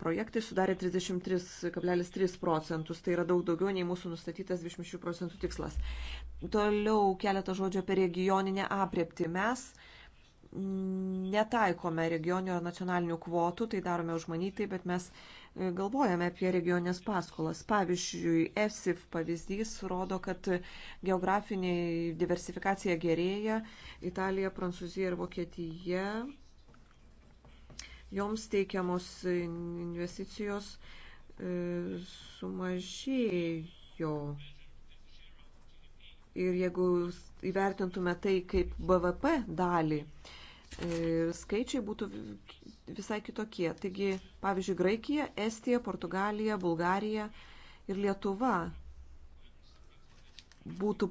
Projektai sudarė 33,3 procentus, tai yra daug daugiau nei mūsų nustatytas 26 procentų tikslas. Toliau keletą žodžių apie regioninę apriepti. Mes netaikome regioninio ar nacionalinių kvotų, tai darome užmanytai, bet mes e, galvojame apie regionės paskolas. Pavyzdžiui, ESIF pavyzdys rodo, kad geografinė diversifikacija gerėja. Italija, Prancūzija ir Vokietija joms teikiamos investicijos e, sumažėjo. Ir jeigu įvertintume tai kaip BVP dalį, e, skaičiai būtų visai kitokie. Taigi, pavyzdžiui, Graikija, Estija, Portugalija, Bulgarija ir Lietuva būtų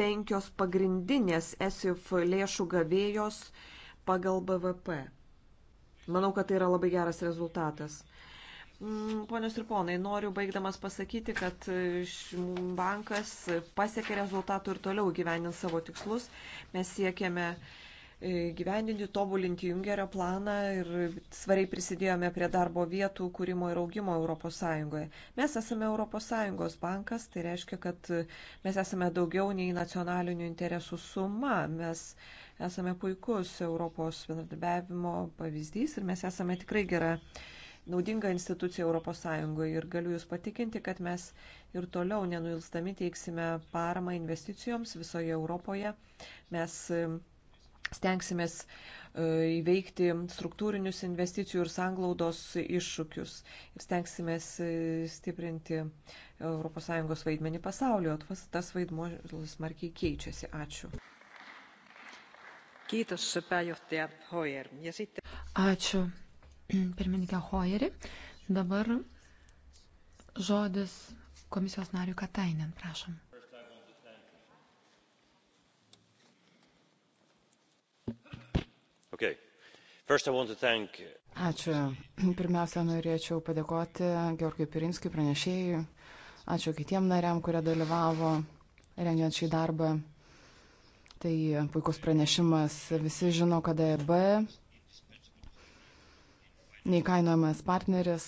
penkios pagrindinės ESIF lėšų gavėjos pagal BVP. Manau, kad tai yra labai geras rezultatas. Mm, ponios ir ponai, noriu baigdamas pasakyti, kad e, bankas pasiekė rezultatų ir toliau gyvenint savo tikslus. Mes siekėme e, gyvendinti, tobulinti Jungerio planą ir svariai prisidėjome prie darbo vietų kūrimo ir augimo ES. Mes esame ES bankas, tai reiškia, kad e, mes esame daugiau nei nacionalinių interesų suma. Mes Esame puikus Europos bendradarbiavimo pavyzdys ir mes esame tikrai gera naudinga institucija Europos Sąjungoje ir galiu Jūs patikinti, kad mes ir toliau nenuilstami teiksime paramą investicijoms visoje Europoje. Mes um, stengsimės uh, įveikti struktūrinius investicijų ir sanglaudos iššūkius ir stengsimės uh, stiprinti ES vaidmenį pasaulio, o tas vaidmo smarkiai keičiasi. Ačiū. Kiitos, pääjohtaja Hoyer. Ja sitten... Ačiū, pirmininkė Hoyeri. Dabar žodis komisijos nariu Katainen, prašom. Okay. Ačiū. Pirmiausia, norėčiau padėkoti Georgiui Pirinskui pranešėjui. Ačiū kitiem nariam, kurie dalyvavo rengiant šį darbą. Tai puikus pranešimas. Visi žino, kad EB neįkainojamas partneris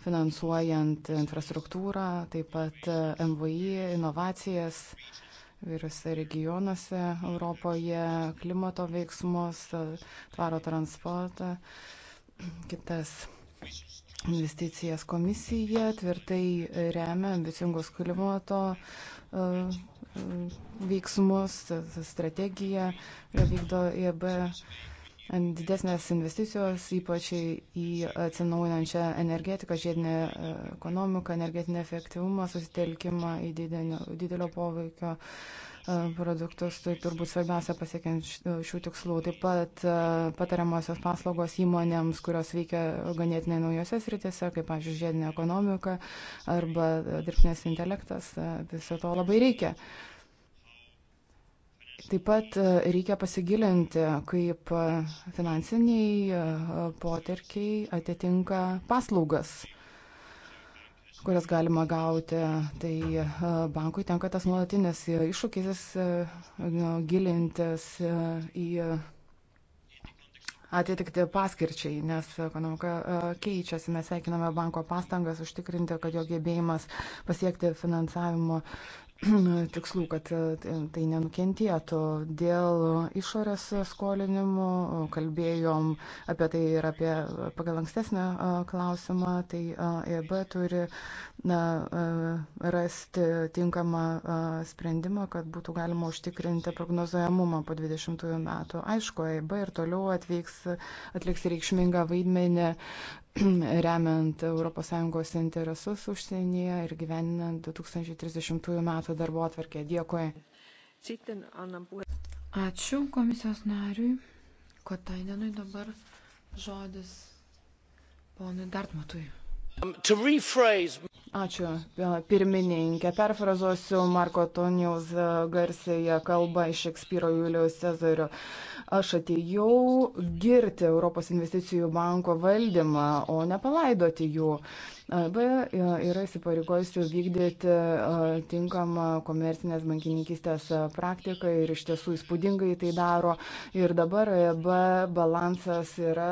finansuojant infrastruktūrą, taip pat MVI, inovacijas vyriuose regionuose Europoje, klimato veiksmus, tvaro transportą, kitas investicijas komisija tvirtai remia ambicingus klimato veiksmus, strategiją, kurią vykdo IEB. Didesnės investicijos, ypač į atsinaujinančią energetiką, žiedinę e, ekonomiką, energetinį efektyvumą, susitelkimą į didelio, didelio poveikio uh, produktus, tai turbūt svarbiausia pasiekiant šių tikslų. Taip pat patariamosios paslaugos įmonėms, kurios veikia ganėtinai naujose sritise, kaip, pavyzdžiui, žiedinė ekonomika arba dirbtinės intelektas, viso to labai reikia. Taip pat reikia pasigilinti, kaip finansiniai poterkiai atitinka paslaugas kurias galima gauti, tai e, bankui tenka tas nuolatinis e, iššūkis e, nu, gilintis į atitikti paskirčiai, nes ekonomika keičiasi. Mes sveikiname banko pastangas užtikrinti, kad jo gebėjimas pasiekti finansavimo tikslų, kad e, tai nenukentėtų. Dėl išorės skolinimų kalbėjom apie tai ir apie pagal ankstesnę klausimą, tai EB turi na, rasti tinkamą sprendimą, kad būtų galima užtikrinti prognozojamumą po 20 metų. Aišku, EB ir toliau atvyks, atliks reikšmingą vaidmenį remiant ES interesus užsienyje ir gyveninant 2030 m. darbo atvarkę. Dėkui. Ačiū komisijos nariui Kotainenui dabar žodis ponui Dartmatui. Um, Ačiū, pirmininkė. Perfrazuosiu Marko Tonijaus garsėje kalbą iš Šekspyro Julijaus Cezario. Aš atėjau girti Europos investicijų banko valdymą, o ne palaidoti jų. Uh, EIB e, yra įsipareigojusi vykdyti tinkamą komercinės bankininkystės praktiką ir iš tiesų įspūdingai tai daro. Ir dabar EIB balansas yra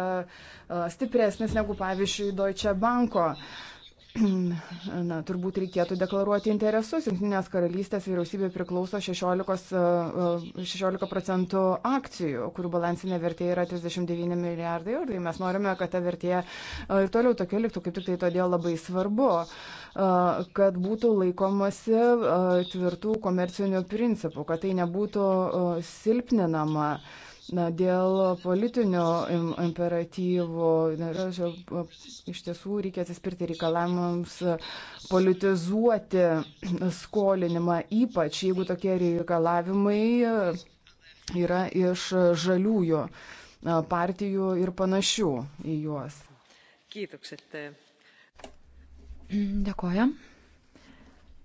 stipresnis negu pavyzdžiui Deutsche Banko. Na, turbūt reikėtų deklaruoti interesus. Junktinės karalystės vyriausybė priklauso 16, 16 e, e, procentų akcijų, kurių balansinė vertė yra 39 milijardai eurų. Tai mes norime, kad ta vertė e, ir toliau tokia liktų, kaip tik tai todėl labai svarbu, kad būtų laikomasi tvirtų komercinių principų, kad tai nebūtų silpninama na, dėl politinių imperatyvų. Na, iš tiesų reikia atsispirti reikalavimams politizuoti skolinimą, ypač jeigu tokie reikalavimai yra iš žaliųjų partijų ir panašių į juos. Kiitokset. Dėkojam.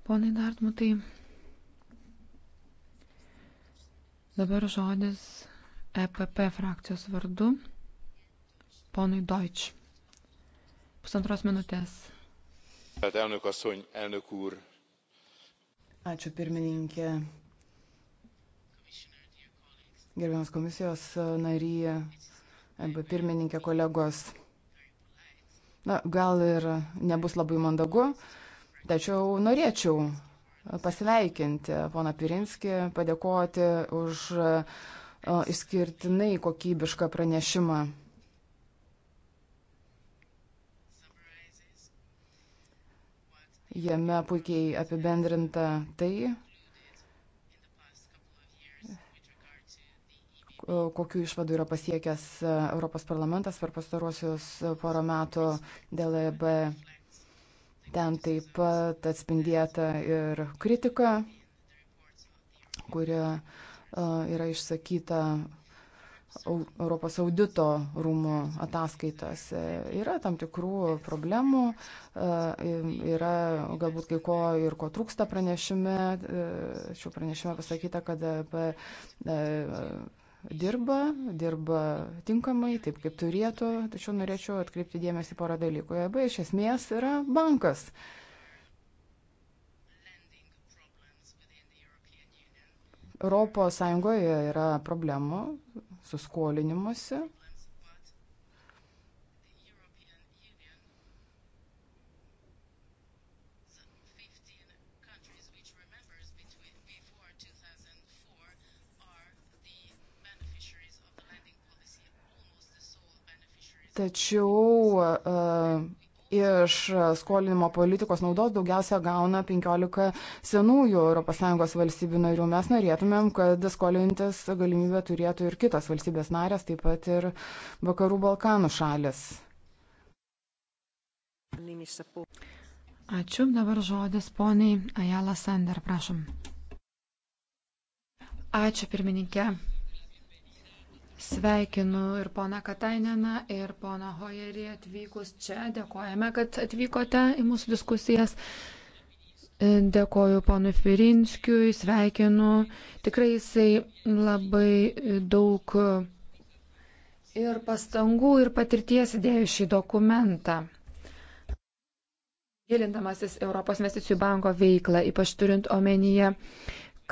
Ponai Dartmutai. Dabar žodis EPP frakcijos vardu ponui Deutsch. Pusantros minutės. Ačiū pirmininkė. Gerbiamas komisijos narė, arba e pirmininkė kolegos. Na, gal ir nebus labai mandagu, tačiau norėčiau pasveikinti poną Pirinskį, padėkoti už uh, išskirtinai kokybišką pranešimą. Jame puikiai apibendrinta tai, kokiu išvadu yra pasiekęs Europos parlamentas per pastaruosius porą metų dėl EB. Ten taip pat atspindėta ir kritika, kuri uh, E, yra išsakyta Europos audito rūmų ataskaitose. Yra tam tikrų problemų, e, yra galbūt kai ko ir ko trūksta pranešime. E, šiuo pranešime pasakyta, kad dirba, dirba tinkamai, taip kaip turėtų, tačiau norėčiau atkreipti dėmesį porą dalykų. EB iš esmės yra bankas. Europos Sąjungoje yra problemų su skolinimuose. Tačiau uh, iš skolinimo politikos naudos daugiausia gauna 15 senųjų ES valstybių narių. Mes norėtumėm, kad skolintis galimybę turėtų ir kitos valstybės narės, taip pat ir Vakarų Balkanų šalis. Ačiū. Dabar žodis poniai Ajala Sander, prašom. Ačiū pirmininkė. Sveikinu ir poną Kataineną, ir poną Hojerį atvykus čia. Dėkojame, kad atvykote į mūsų diskusijas. Dėkoju ponui Firinskiui, sveikinu. Tikrai jisai labai daug ir pastangų, ir patirties įdėjo šį dokumentą. Gilindamasis Europos investicijų banko veiklą, ypač turint omenyje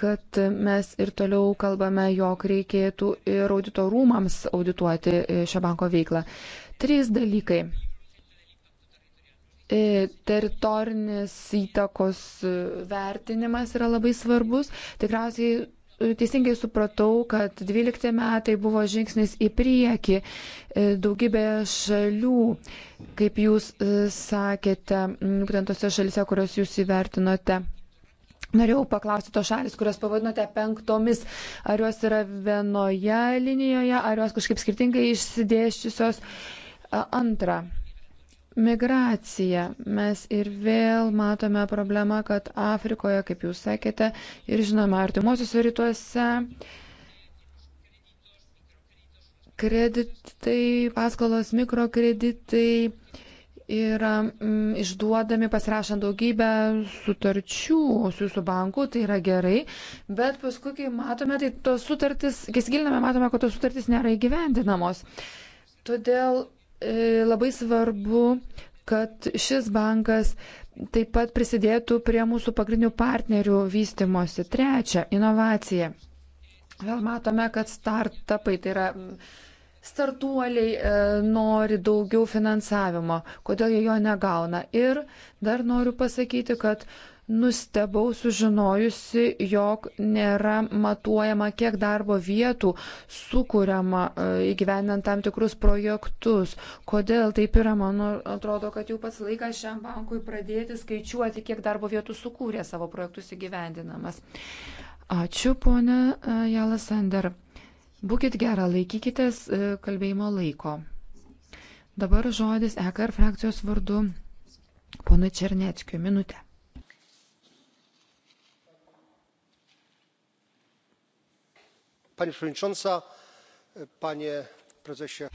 kad mes ir toliau kalbame, jog reikėtų ir auditorumams audituoti e, šio banko veiklą. Trys dalykai. E, teritorinis įtakos e, vertinimas yra labai svarbus. Tikriausiai teisingai supratau, kad 12 metai buvo žingsnis į priekį daugybė šalių, kaip jūs sakėte, būtent tose šalise, kurios jūs įvertinote Norėjau paklausti tos šalis, kurias pavadinote penktomis, ar jos yra vienoje linijoje, ar jos kažkaip skirtingai išsidėščiusios. Antra, migracija. Mes ir vėl matome problemą, kad Afrikoje, kaip jūs sakėte, ir žinoma, artimuosiuose rytuose kreditai, paskolos mikrokreditai yra mm, išduodami pasirašant daugybę sutarčių su jūsų banku, tai yra gerai, bet paskui, kai matome, tai tos sutartys, kai įsigiliname, matome, kad tos sutartys nėra įgyvendinamos. Todėl e, labai svarbu, kad šis bankas taip pat prisidėtų prie mūsų pagrindinių partnerių vystimosi. Trečia, inovacija. Vėl matome, kad startupai tai yra. Mm, startuoliai e, nori daugiau finansavimo, kodėl jie jo negauna. Ir dar noriu pasakyti, kad nustebau sužinojusi, jog nėra matuojama, kiek darbo vietų sukūriama e, įgyvendant tam tikrus projektus. Kodėl taip yra, man atrodo, kad jau pats laikas šiam bankui pradėti skaičiuoti, kiek darbo vietų sukūrė savo projektus įgyvendinamas. Ačiū, ponė e, Jalasender. Būkit gera, laikykitės e, kalbėjimo laiko. Dabar žodis EKR frakcijos vardu ponui Černeckiu. Minutė. Pani Šrinčionsa, e, panie prezesė.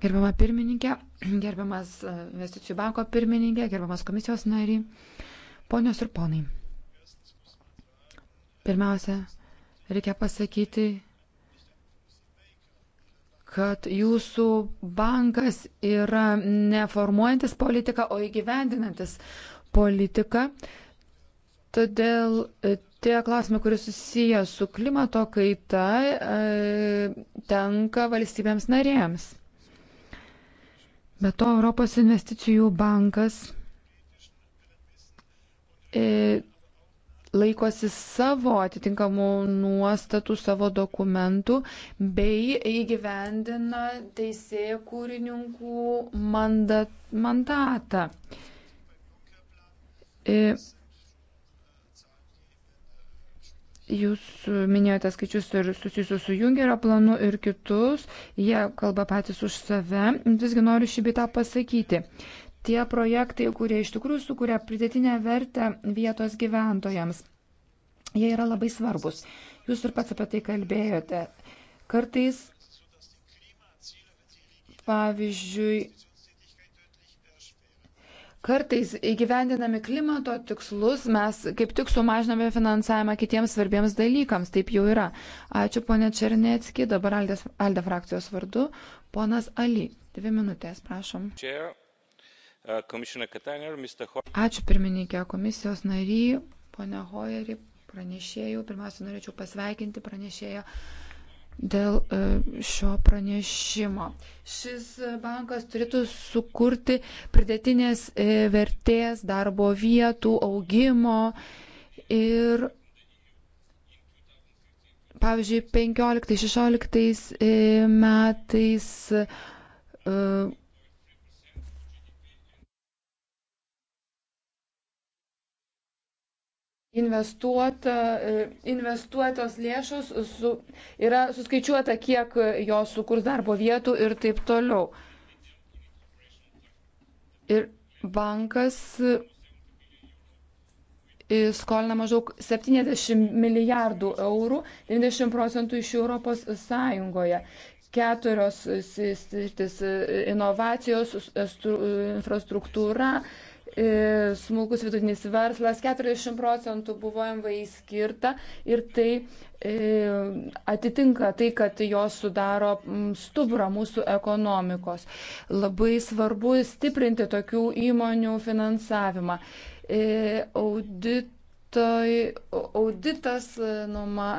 Gerbiama pirmininkė, gerbiamas e, investicijų banko pirmininkė, gerbiamas komisijos nariai, ponios ir ponai. Pirmiausia, reikia pasakyti, kad jūsų bankas yra neformuojantis politiką, o įgyvendinantis politiką. Todėl e, tie klausimai, kurie susiję su klimato kaita, e, tenka valstybėms narėms. Be to, Europos investicijų bankas e, laikosi savo atitinkamų nuostatų, savo dokumentų bei įgyvendina teisėjų kūrininkų mandat, mandatą. E, jūs minėjote skaičius ir susijusius su Jungerio planu ir kitus, jie kalba patys už save, visgi noriu šį bitą pasakyti tie projektai, kurie iš tikrųjų sukuria pridėtinę vertę vietos gyventojams. Jie yra labai svarbus. Jūs ir pats apie tai kalbėjote. Kartais, pavyzdžiui, Kartais įgyvendinami klimato tikslus mes kaip tik sumažiname finansavimą kitiems svarbiems dalykams. Taip jau yra. Ačiū ponė Černetski, dabar Alde frakcijos vardu. Ponas Ali, dvi minutės, prašom. Čia Uh, Ačiū pirmininkė komisijos nary, ponia Hoyerį, pranešėjų. Pirmiausia, norėčiau pasveikinti pranešėją dėl uh, šio pranešimo. Šis bankas turėtų sukurti pridėtinės uh, vertės, darbo vietų, augimo ir, pavyzdžiui, 15-16 metais investuota, e, investuotos lėšos su, yra suskaičiuota, kiek jos sukurs darbo vietų ir taip toliau. Ir bankas e, skolina maždaug 70 milijardų eurų, 90 procentų iš Europos Sąjungoje. Keturios sritis e, - inovacijos, infrastruktūra, E, smulkus vidutinis verslas, 40 procentų buvo MVI skirta ir tai e, atitinka tai, kad jos sudaro stuburą mūsų ekonomikos. Labai svarbu stiprinti tokių įmonių finansavimą. E, Auditoj, auditas numa,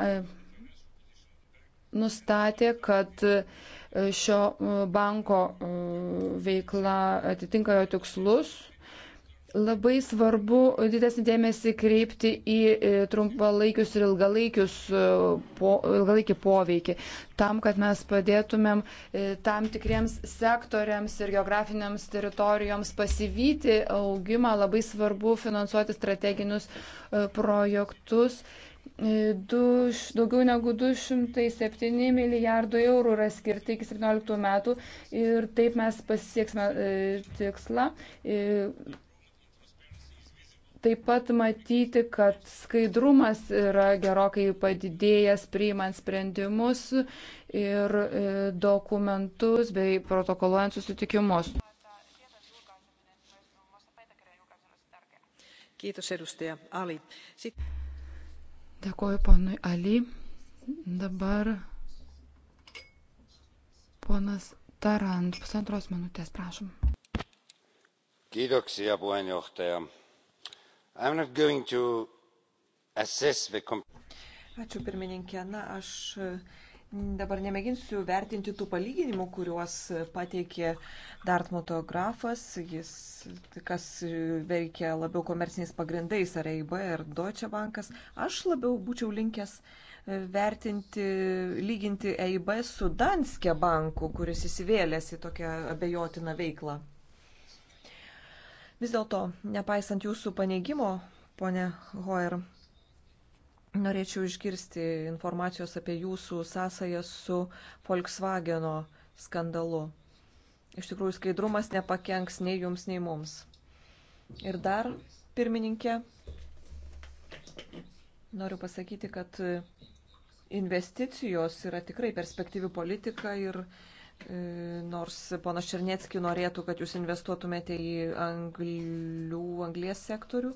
nustatė, kad šio banko veikla atitinka jo tikslus, Labai svarbu didesnį dėmesį kreipti į e, trumpalaikius ir ilgalaikius, e, po, ilgalaikį poveikį, tam, kad mes padėtumėm e, tam tikriems sektoriams ir geografiniams teritorijoms pasivyti augimą, labai svarbu finansuoti strateginius projektus. Du, daugiau negu 207 milijardų eurų yra skirti iki 17 metų ir taip mes pasieksime tikslą. Taip pat matyti, kad skaidrumas yra gerokai padidėjęs priimant sprendimus ir e, dokumentus bei protokoluojant susitikimus. Kiitos edustaja Ali. Sit... Dėkuoju ponui Ali. Dabar ponas Tarant, pusantros minutės, prašom. Kiitoksia puheenjohtaja Ačiū pirmininkė. Na, aš e, Dabar nemėginsiu vertinti tų palyginimų, kuriuos pateikė Dartmuto grafas, jis kas veikia labiau komerciniais pagrindais, ar EIB, ar Deutsche Bankas. Aš labiau būčiau linkęs e, vertinti, lyginti EIB su Danske banku, kuris įsivėlėsi tokią abejotiną veiklą. Vis dėlto, nepaisant jūsų paneigimo, ponė Hoer, norėčiau išgirsti informacijos apie jūsų sąsają su Volkswageno skandalu. Iš tikrųjų, skaidrumas nepakenks nei jums, nei mums. Ir dar, pirmininkė, noriu pasakyti, kad investicijos yra tikrai perspektyvi politika ir E, nors ponas Černiecki norėtų, kad jūs investuotumėte į anglių, anglies sektorių,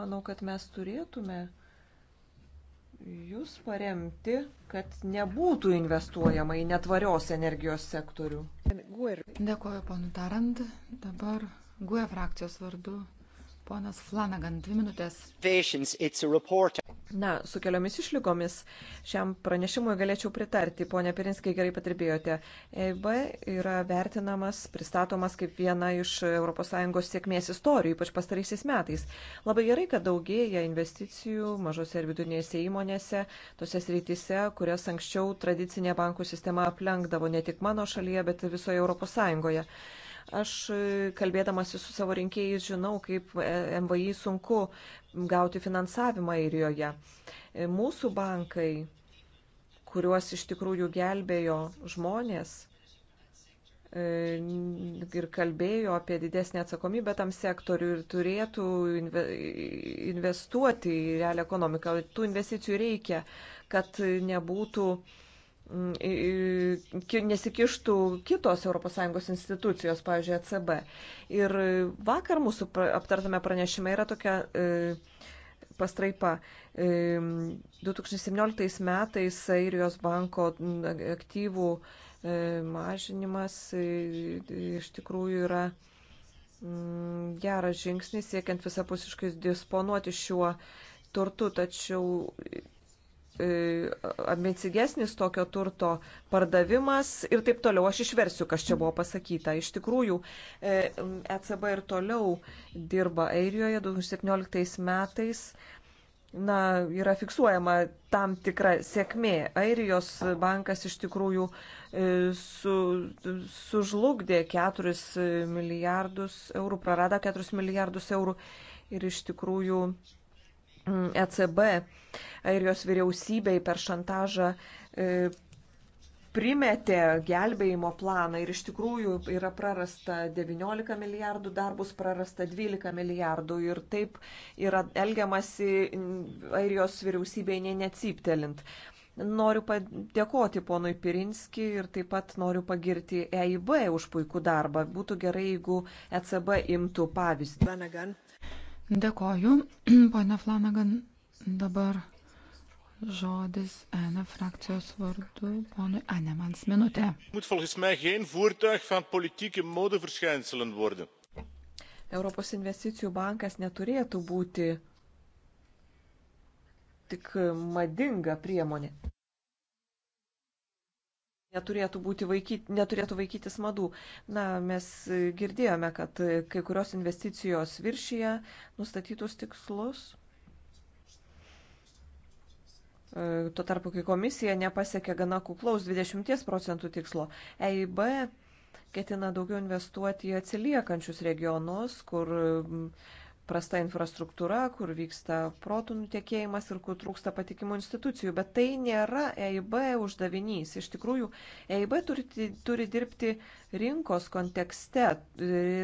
manau, kad mes turėtume jūs paremti, kad nebūtų investuojama į netvarios energijos sektorių. Dėkoju, ponu Tarant. Dabar GUE frakcijos vardu Ponas Flanagan, dvi minutės. Na, su keliomis išlygomis šiam pranešimui galėčiau pritarti. Pone Pirinskai, gerai patirbėjote. EIB yra vertinamas, pristatomas kaip viena iš ES sėkmės istorijų, ypač pastaraisiais metais. Labai gerai, kad daugėja investicijų mažose ir vidunėse įmonėse, tose srityse, kurias anksčiau tradicinė bankų sistema aplenkdavo ne tik mano šalyje, bet ir visoje ES. Aš e, kalbėdamasi su savo rinkėjais žinau, kaip e, MVI sunku gauti finansavimą Airijoje. E, mūsų bankai, kuriuos iš tikrųjų gelbėjo žmonės, ir kalbėjo apie didesnį atsakomybę tam sektoriu ir turėtų investuoti į realią ekonomiką. Tų investicijų reikia, kad nebūtų uh, nesikištų kitos ES institucijos, pavyzdžiui, ECB. Ir vakar mūsų aptartame pranešime yra tokia e, pastraipa. 2017 e, metais Airijos banko aktyvų e, mažinimas iš tikrųjų yra geras žingsnis siekiant visapusiškai disponuoti šiuo turtu, tačiau E, ambicingesnis tokio turto pardavimas ir taip toliau. Aš išversiu, kas čia buvo pasakyta. Iš tikrųjų, ECB e ir toliau dirba Airijoje 2017 metais. Na, yra fiksuojama tam tikra sėkmė. Airijos bankas iš tikrųjų e, su, sužlugdė 4 milijardus eurų, prarado 4 milijardus eurų ir iš tikrųjų ECB ir jos vyriausybei per šantažą e, primetė gelbėjimo planą ir iš tikrųjų yra prarasta 19 milijardų, dar bus prarasta 12 milijardų ir taip yra elgiamasi airijos vyriausybei nei necyptelint. Noriu padėkoti ponui Pirinski ir taip pat noriu pagirti EIB už puikų darbą. Būtų gerai, jeigu ECB imtų pavyzdį. Vanagan. Dėkoju, ponia Flanagan. Dabar žodis N frakcijos vardu, ponui Anemans minutė. Europos investicijų bankas neturėtų būti tik madinga priemonė neturėtų, vaikyt, neturėtų vaikytis madų. Na, mes girdėjome, kad kai kurios investicijos viršyje nustatytus tikslus. E, tuo tarpu, kai komisija nepasiekė gana kuklaus 20 procentų tikslo, EIB ketina daugiau investuoti į atsiliekančius regionus, kur prasta infrastruktūra, kur vyksta protų nutekėjimas ir kur trūksta patikimų institucijų. Bet tai nėra EIB uždavinys. Iš tikrųjų, EIB turi, turi dirbti rinkos kontekste,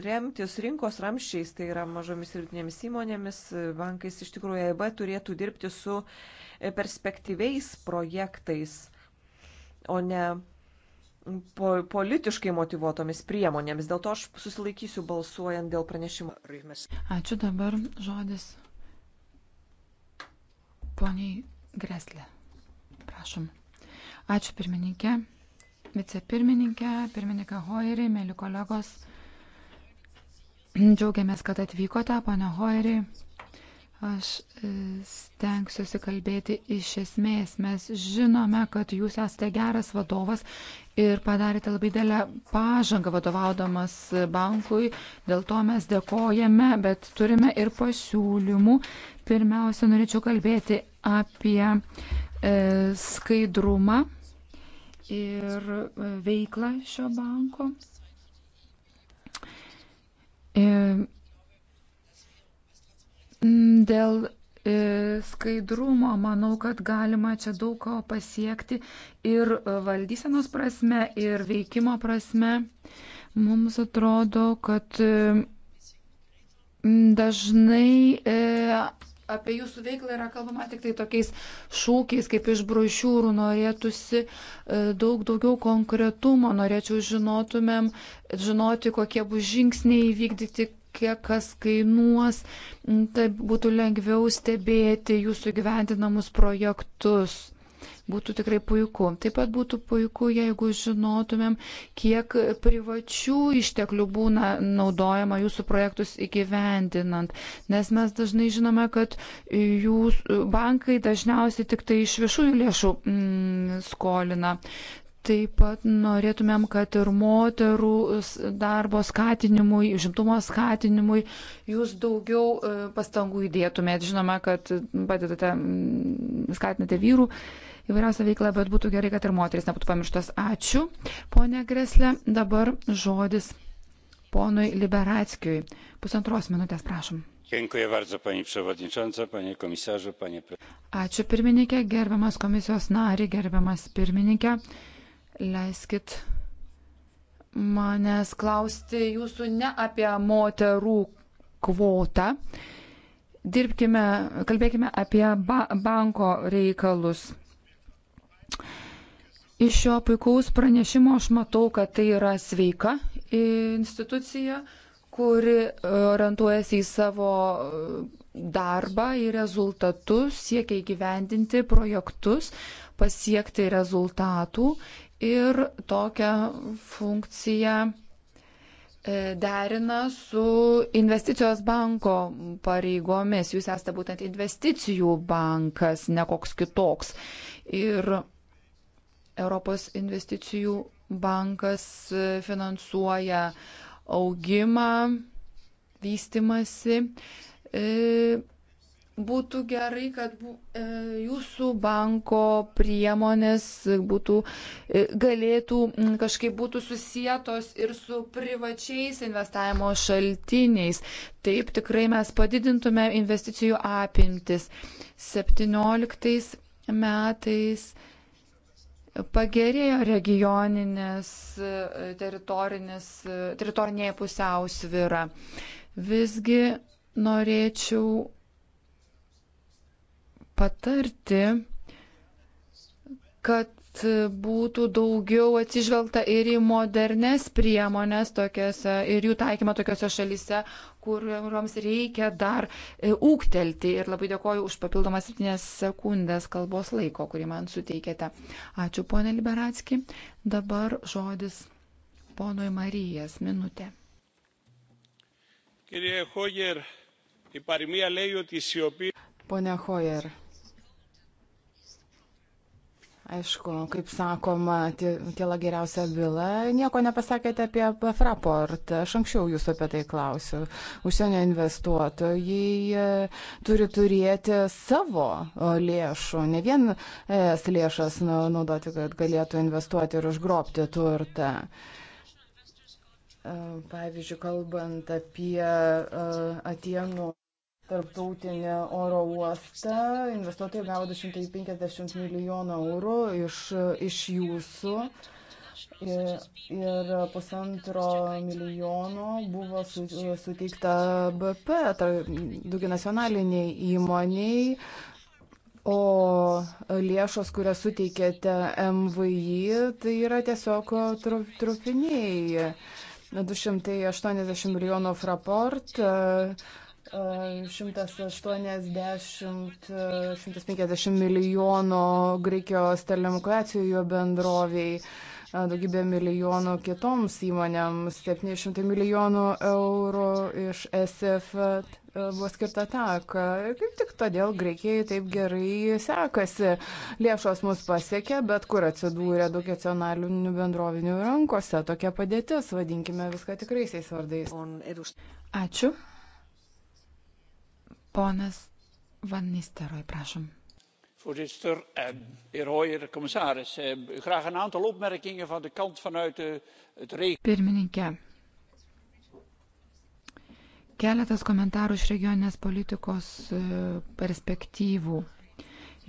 remtis rinkos ramščiais, tai yra mažomis ir vidinėmis įmonėmis, bankais. Iš tikrųjų, EIB turėtų dirbti su perspektyviais projektais, o ne po, politiškai motivuotomis priemonėmis. Dėl to aš susilaikysiu balsuojant dėl pranešimo. Ačiū dabar žodis. Poniai Greslė. Prašom. Ačiū pirmininkė, vicepirmininkė, pirmininkė Hoerį, mėly kolegos. Džiaugiamės, kad atvykote, pane Hoerį. Aš e, stengsiuosi kalbėti iš esmės. Mes žinome, kad jūs esate geras vadovas ir padarėte labai dėlę pažangą vadovaudamas bankui. Dėl to mes dėkojame, bet turime ir pasiūlymų. Pirmiausia, norėčiau kalbėti apie e, skaidrumą ir e, veiklą šio banko. E, Mm, dėl e, skaidrumo manau, kad galima čia daug ko pasiekti ir e, valdysenos prasme, ir veikimo prasme. Mums atrodo, kad e, dažnai apie jūsų veiklą yra kalbama tik tai tokiais šūkiais, kaip iš brošiūrų norėtųsi daug daugiau konkretumo, norėčiau žinotumėm, žinoti, kokie bus žingsniai įvykdyti, kiek kas kainuos, mm, taip būtų lengviau stebėti jūsų gyvendinamus projektus. Būtų tikrai puiku. Taip pat būtų puiku, jeigu žinotumėm, kiek privačių išteklių būna naudojama jūsų projektus įgyvendinant. Nes mes dažnai žinome, kad jūs bankai dažniausiai tik tai iš viešųjų lėšų mm, skolina. Taip pat norėtumėm, kad ir moterų darbo skatinimui, žimtumo skatinimui jūs daugiau e, pastangų įdėtumėt. Žinoma, kad padedate, skatinate vyrų įvairiausią veiklą, bet būtų gerai, kad ir moteris nebūtų pamirštas. Ačiū, ponė Greslė. Dabar žodis ponui Liberatskijui. Pusantros minutės, prašom. Bardzo, pani pani pani... Ačiū pirmininkė, gerbiamas komisijos nari, gerbiamas pirmininkė. Leiskit manęs klausti jūsų ne apie moterų kvotą. Dirbkime, kalbėkime apie ba banko reikalus. Iš šio puikaus pranešimo aš matau, kad tai yra sveika institucija, kuri orientuojasi į savo darbą, į rezultatus, siekia įgyvendinti projektus, pasiekti rezultatų ir tokią funkciją e, derina su investicijos banko pareigomis. Jūs esate būtent investicijų bankas, ne koks kitoks. Ir Europos investicijų bankas e, finansuoja augimą, vystimasi e, būtų gerai, kad bu, e, jūsų banko priemonės būtų, e, galėtų m, kažkaip būtų susijėtos ir su privačiais investavimo šaltiniais. Taip tikrai mes padidintume investicijų apimtis. 17 metais pagerėjo regioninės e, teritorinėje pusiausvyra. Visgi norėčiau patarti, kad būtų daugiau atsižvelgta ir į modernes priemonės tokiose, ir jų taikymą tokiose šalise, kuriuoms reikia dar e, ūktelti. Ir labai dėkoju už papildomas 7 sekundės kalbos laiko, kurį man suteikėte. Ačiū, ponė Liberatski. Dabar žodis ponui Marijas minutė. Pone Hoyer, Aišku, kaip sakoma, tyla geriausia byla. Nieko nepasakėte apie Fraport. Aš anksčiau jūsų apie tai klausiu. Užsienio investuotojai e, turi turėti savo lėšų, ne vien es lėšas naudoti, kad galėtų investuoti ir užgrobti turtą. E, pavyzdžiui, kalbant apie e, Atienų tarptautinį oro uostą. Investuotojai gavo 250 milijonų eurų iš, iš jūsų. Ir, ir pusantro milijono buvo su, suteikta BP, tai daugia nacionaliniai įmoniai, o lėšos, kurias suteikėte MVI, tai yra tiesiog trupiniai. 280 milijonų fraport. Uh, 180-150 milijono Graikijos telekomunikacijų bendroviai, daugybė milijonų kitoms įmonėms, 700 milijonų eurų iš SF buvo skirta taka. Kaip tik todėl Greikijai taip gerai sekasi. Lėšos mus pasiekė, bet kur atsidūrė daug nacionalinių bendrovinių rankose. Tokia padėtis, vadinkime viską tikraisiais vardais. Ačiū. Ponas Van Nisteroj, prašom. Voorzitter, heer Hoyer, commissaris, eh, graag een aantal opmerkingen van de kant vanuit eh, het regio. Pirmininkė, keletas komentarų iš regioninės politikos eh, perspektyvų.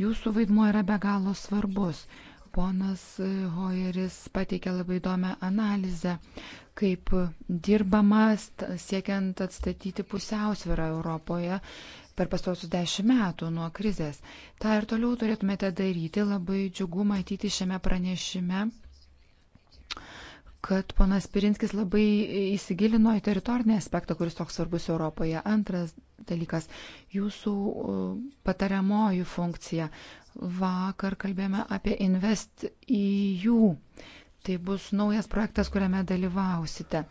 Jūsų vaidmuo yra be galo svarbus. Ponas Hoyeris pateikė labai įdomią analizę, kaip dirbama siekiant atstatyti pusiausvyrą Europoje per pastosius dešimt metų nuo krizės. Ta ir toliau turėtumėte daryti. Labai džiugu matyti šiame pranešime kad ponas Pirinskis labai įsigilino į teritorinį aspektą, kuris toks svarbus Europoje. Antras dalykas - jūsų uh, patariamoji funkcija. Vakar kalbėjome apie Invest EU. Tai bus naujas projektas, kuriame dalyvausite.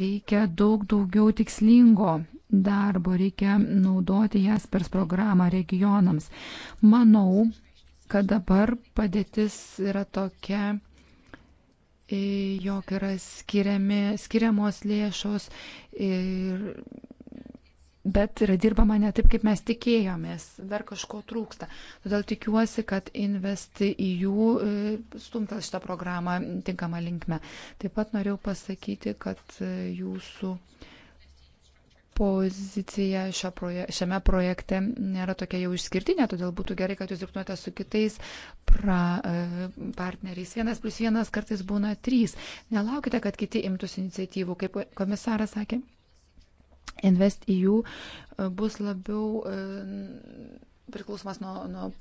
Reikia daug daugiau tikslingo darbo, reikia naudoti jas per programą regionams. Manau, kad dabar padėtis yra tokia, jog yra skiriami, skiriamos lėšos, ir, bet yra dirbama ne taip, kaip mes tikėjomės, dar kažko trūksta. Todėl tikiuosi, kad investi į e jų e, stumtas šitą programą tinkamą linkmę. Taip pat norėjau pasakyti, kad e, jūsų. E, pozicija proje, šiame projekte nėra tokia jau išskirtinė, todėl būtų gerai, kad jūs dirbtumėte su kitais pra, e, partneriais. Vienas plus vienas kartais būna trys. Nelaukite, kad kiti imtųsi iniciatyvų, kaip komisaras sakė. InvestEU bus labiau e, priklausomas nuo, nuo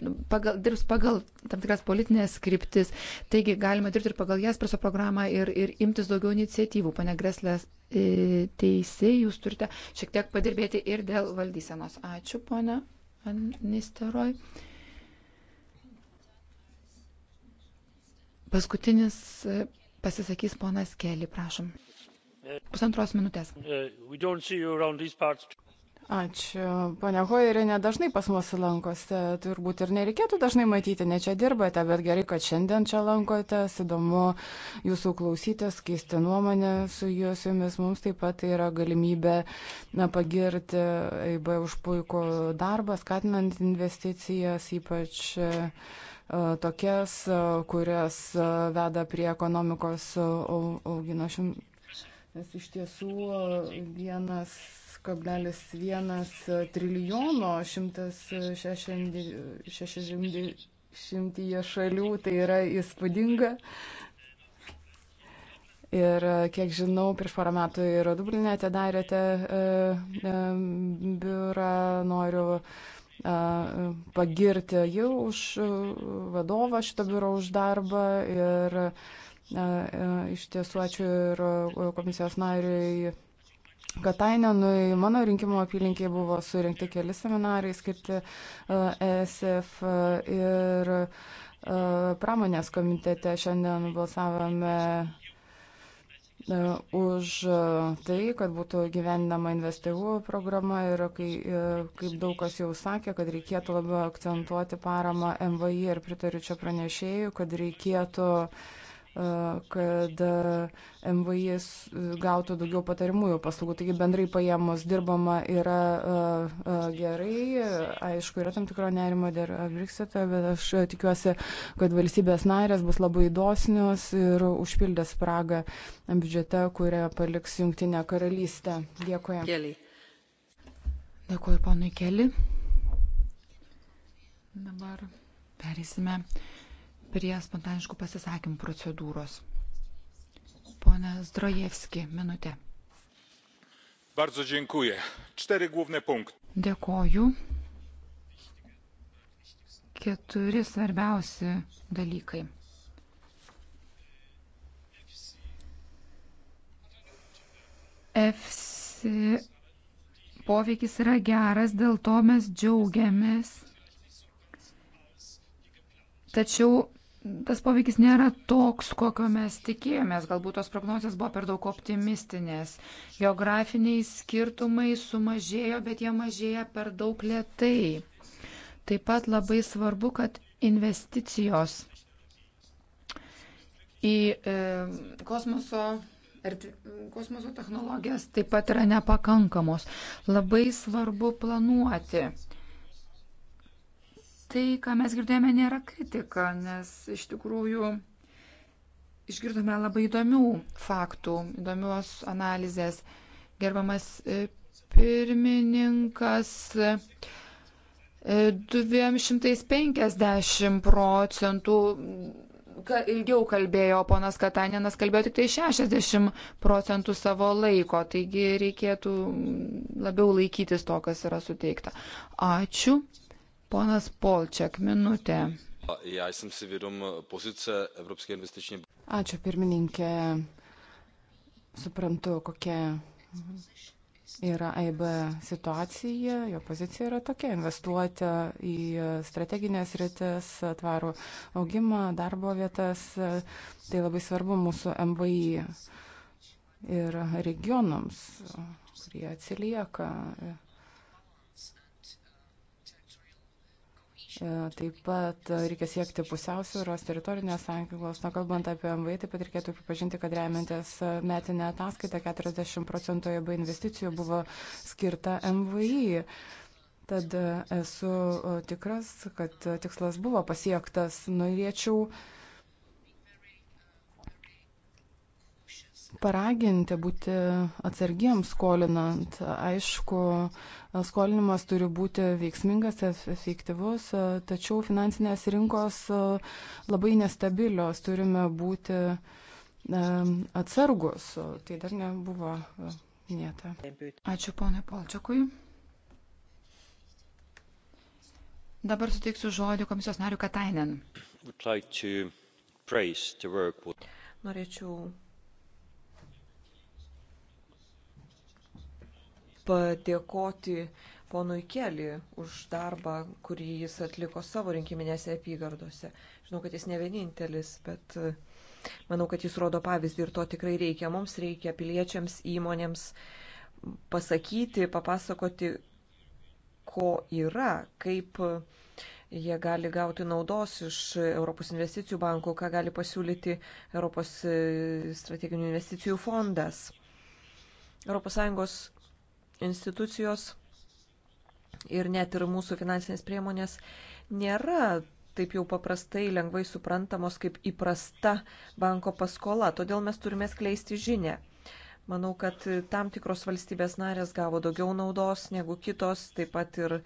nu, pagal, dirbs pagal tam tikras politinės skriptis. Taigi galima dirbti ir pagal jas preso programą ir, ir imtis daugiau iniciatyvų. Pane Greslės e, teisė, jūs turite šiek tiek padirbėti ir dėl valdysenos. Ačiū, pone Anisteroj. Paskutinis e, pasisakys ponas Kelly, prašom. Pusantros minutės. Uh, Ačiū. Pane Hoirė, nedažnai pas mus lankosi, turbūt ir nereikėtų dažnai matyti, ne čia dirbate, bet gerai, kad šiandien čia lankote, įdomu jūsų klausytis, keisti nuomonę su jumis. Mums taip pat yra galimybė na, pagirti EIB už puikų darbą, skatinant investicijas, ypač e, tokias, e, kurias e, veda prie ekonomikos augino. Nes iš tiesų vienas 1,1 trilijono 160 šalių, tai yra įspūdinga. Ir e, kiek žinau, prieš porą metų ir Dublinė atidarėte e, e, biurą, noriu pagirti jau už vadovą šito biuro už darbą ir iš tiesų ačiū ir komisijos nariui Katainenui mano rinkimo apylinkiai buvo surinkti keli seminarai skirti ESF e e, ir e, pramonės komitete šiandien balsavome už tai, kad būtų gyvendama investivų programa ir kai, kaip daug kas jau sakė, kad reikėtų labiau akcentuoti paramą MVI ir pritariu čia pranešėjų, kad reikėtų uh, kad MVI gautų daugiau patarimųjų paslaugų. Taigi bendrai paėmus dirbama yra e, e, gerai, aišku, yra tam tikro nerimo dėl Brexito, bet aš tikiuosi, kad valstybės narės bus labai dosnios ir užpildė spragą biudžete, kurią paliks Junktinė karalystė. Dėkuoju. Keli. Dėkuoju, ponui Keli. Dabar perėsime prie spontaniškų pasisakymų procedūros. Pone Zdrojevski, minutė. Bardzo dziękuję. Cztery główne punkty. Dėkoju. Keturi svarbiausi dalykai. EFSI poveikis yra geras, dėl to mes džiaugiamės. Tačiau tas poveikis nėra toks, kokio mes tikėjomės. Galbūt tos prognozijos buvo per daug optimistinės. Geografiniai skirtumai sumažėjo, bet jie mažėja per daug lietai. Taip pat labai svarbu, kad investicijos į e, kosmoso ir kosmoso technologijas taip pat yra nepakankamos. Labai svarbu planuoti. Tai, ką mes girdėjome, nėra kritika, nes iš tikrųjų išgirdome labai įdomių faktų, įdomios analizės. Gerbamas e, pirmininkas 250 e, procentų ilgiau kalbėjo, ponas Katanienas kalbėjo tik tai 60 procentų savo laiko, taigi reikėtų labiau laikytis to, kas yra suteikta. Ačiū. Ponas Polčiak, minutė. Ačiū pirmininkė. Suprantu, kokia yra AIB situacija, jo pozicija yra tokia - investuoti į strateginės rytis, tvarų augimą, darbo vietas. Tai labai svarbu mūsų MVI ir regionams, kurie atsilieka. Ir Taip pat reikia siekti pusiausvėros teritorinės sąjungos. Na, kalbant apie MVI, taip pat reikėtų pripažinti, kad remiantis metinę ataskaitą 40 procentų EB investicijų buvo skirta MVI. Tad esu tikras, kad tikslas buvo pasiektas. Norėčiau. Nu, paraginti būti atsargiems skolinant. Aišku, skolinimas turi būti veiksmingas, efektyvus, tačiau finansinės rinkos labai nestabilios, turime būti atsargus. Tai dar nebuvo minėta. Ačiū ponai Polčiakui. Dabar suteiksiu žodį komisijos nariu Katainen. Like Norėčiau padėkoti ponui Kelį už darbą, kurį jis atliko savo rinkiminėse apygardose. Žinau, kad jis ne vienintelis, bet e, manau, kad jis rodo pavyzdį ir to tikrai reikia. Mums reikia piliečiams, įmonėms pasakyti, papasakoti, ko yra, kaip jie gali gauti naudos iš Europos investicijų bankų, ką gali pasiūlyti Europos e, strateginių investicijų fondas. ES institucijos ir net ir mūsų finansinės priemonės nėra taip jau paprastai lengvai suprantamos kaip įprasta banko paskola. Todėl mes turime skleisti žinę. Manau, kad tam tikros valstybės narės gavo daugiau naudos negu kitos, taip pat ir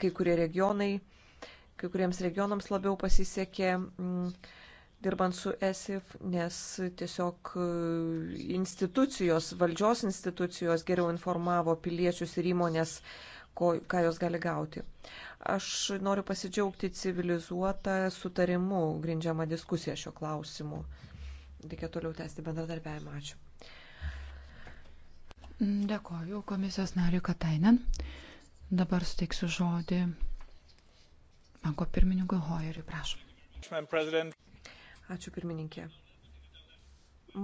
kai kurie regionai, kai kuriems regionams labiau pasisekė. Mm, dirbant su ESIF, nes tiesiog e, institucijos, valdžios institucijos geriau informavo piliečius ir įmonės, ko, ką jos gali gauti. Aš noriu pasidžiaugti civilizuotą sutarimu grindžiamą diskusiją šio klausimu. Reikia toliau tęsti bendradarbiavimą. Ačiū. Dėkoju komisijos nariu Katainen. Dabar suteiksiu žodį banko pirmininkui Hoyeriui, prašom. Ačiū pirmininkė.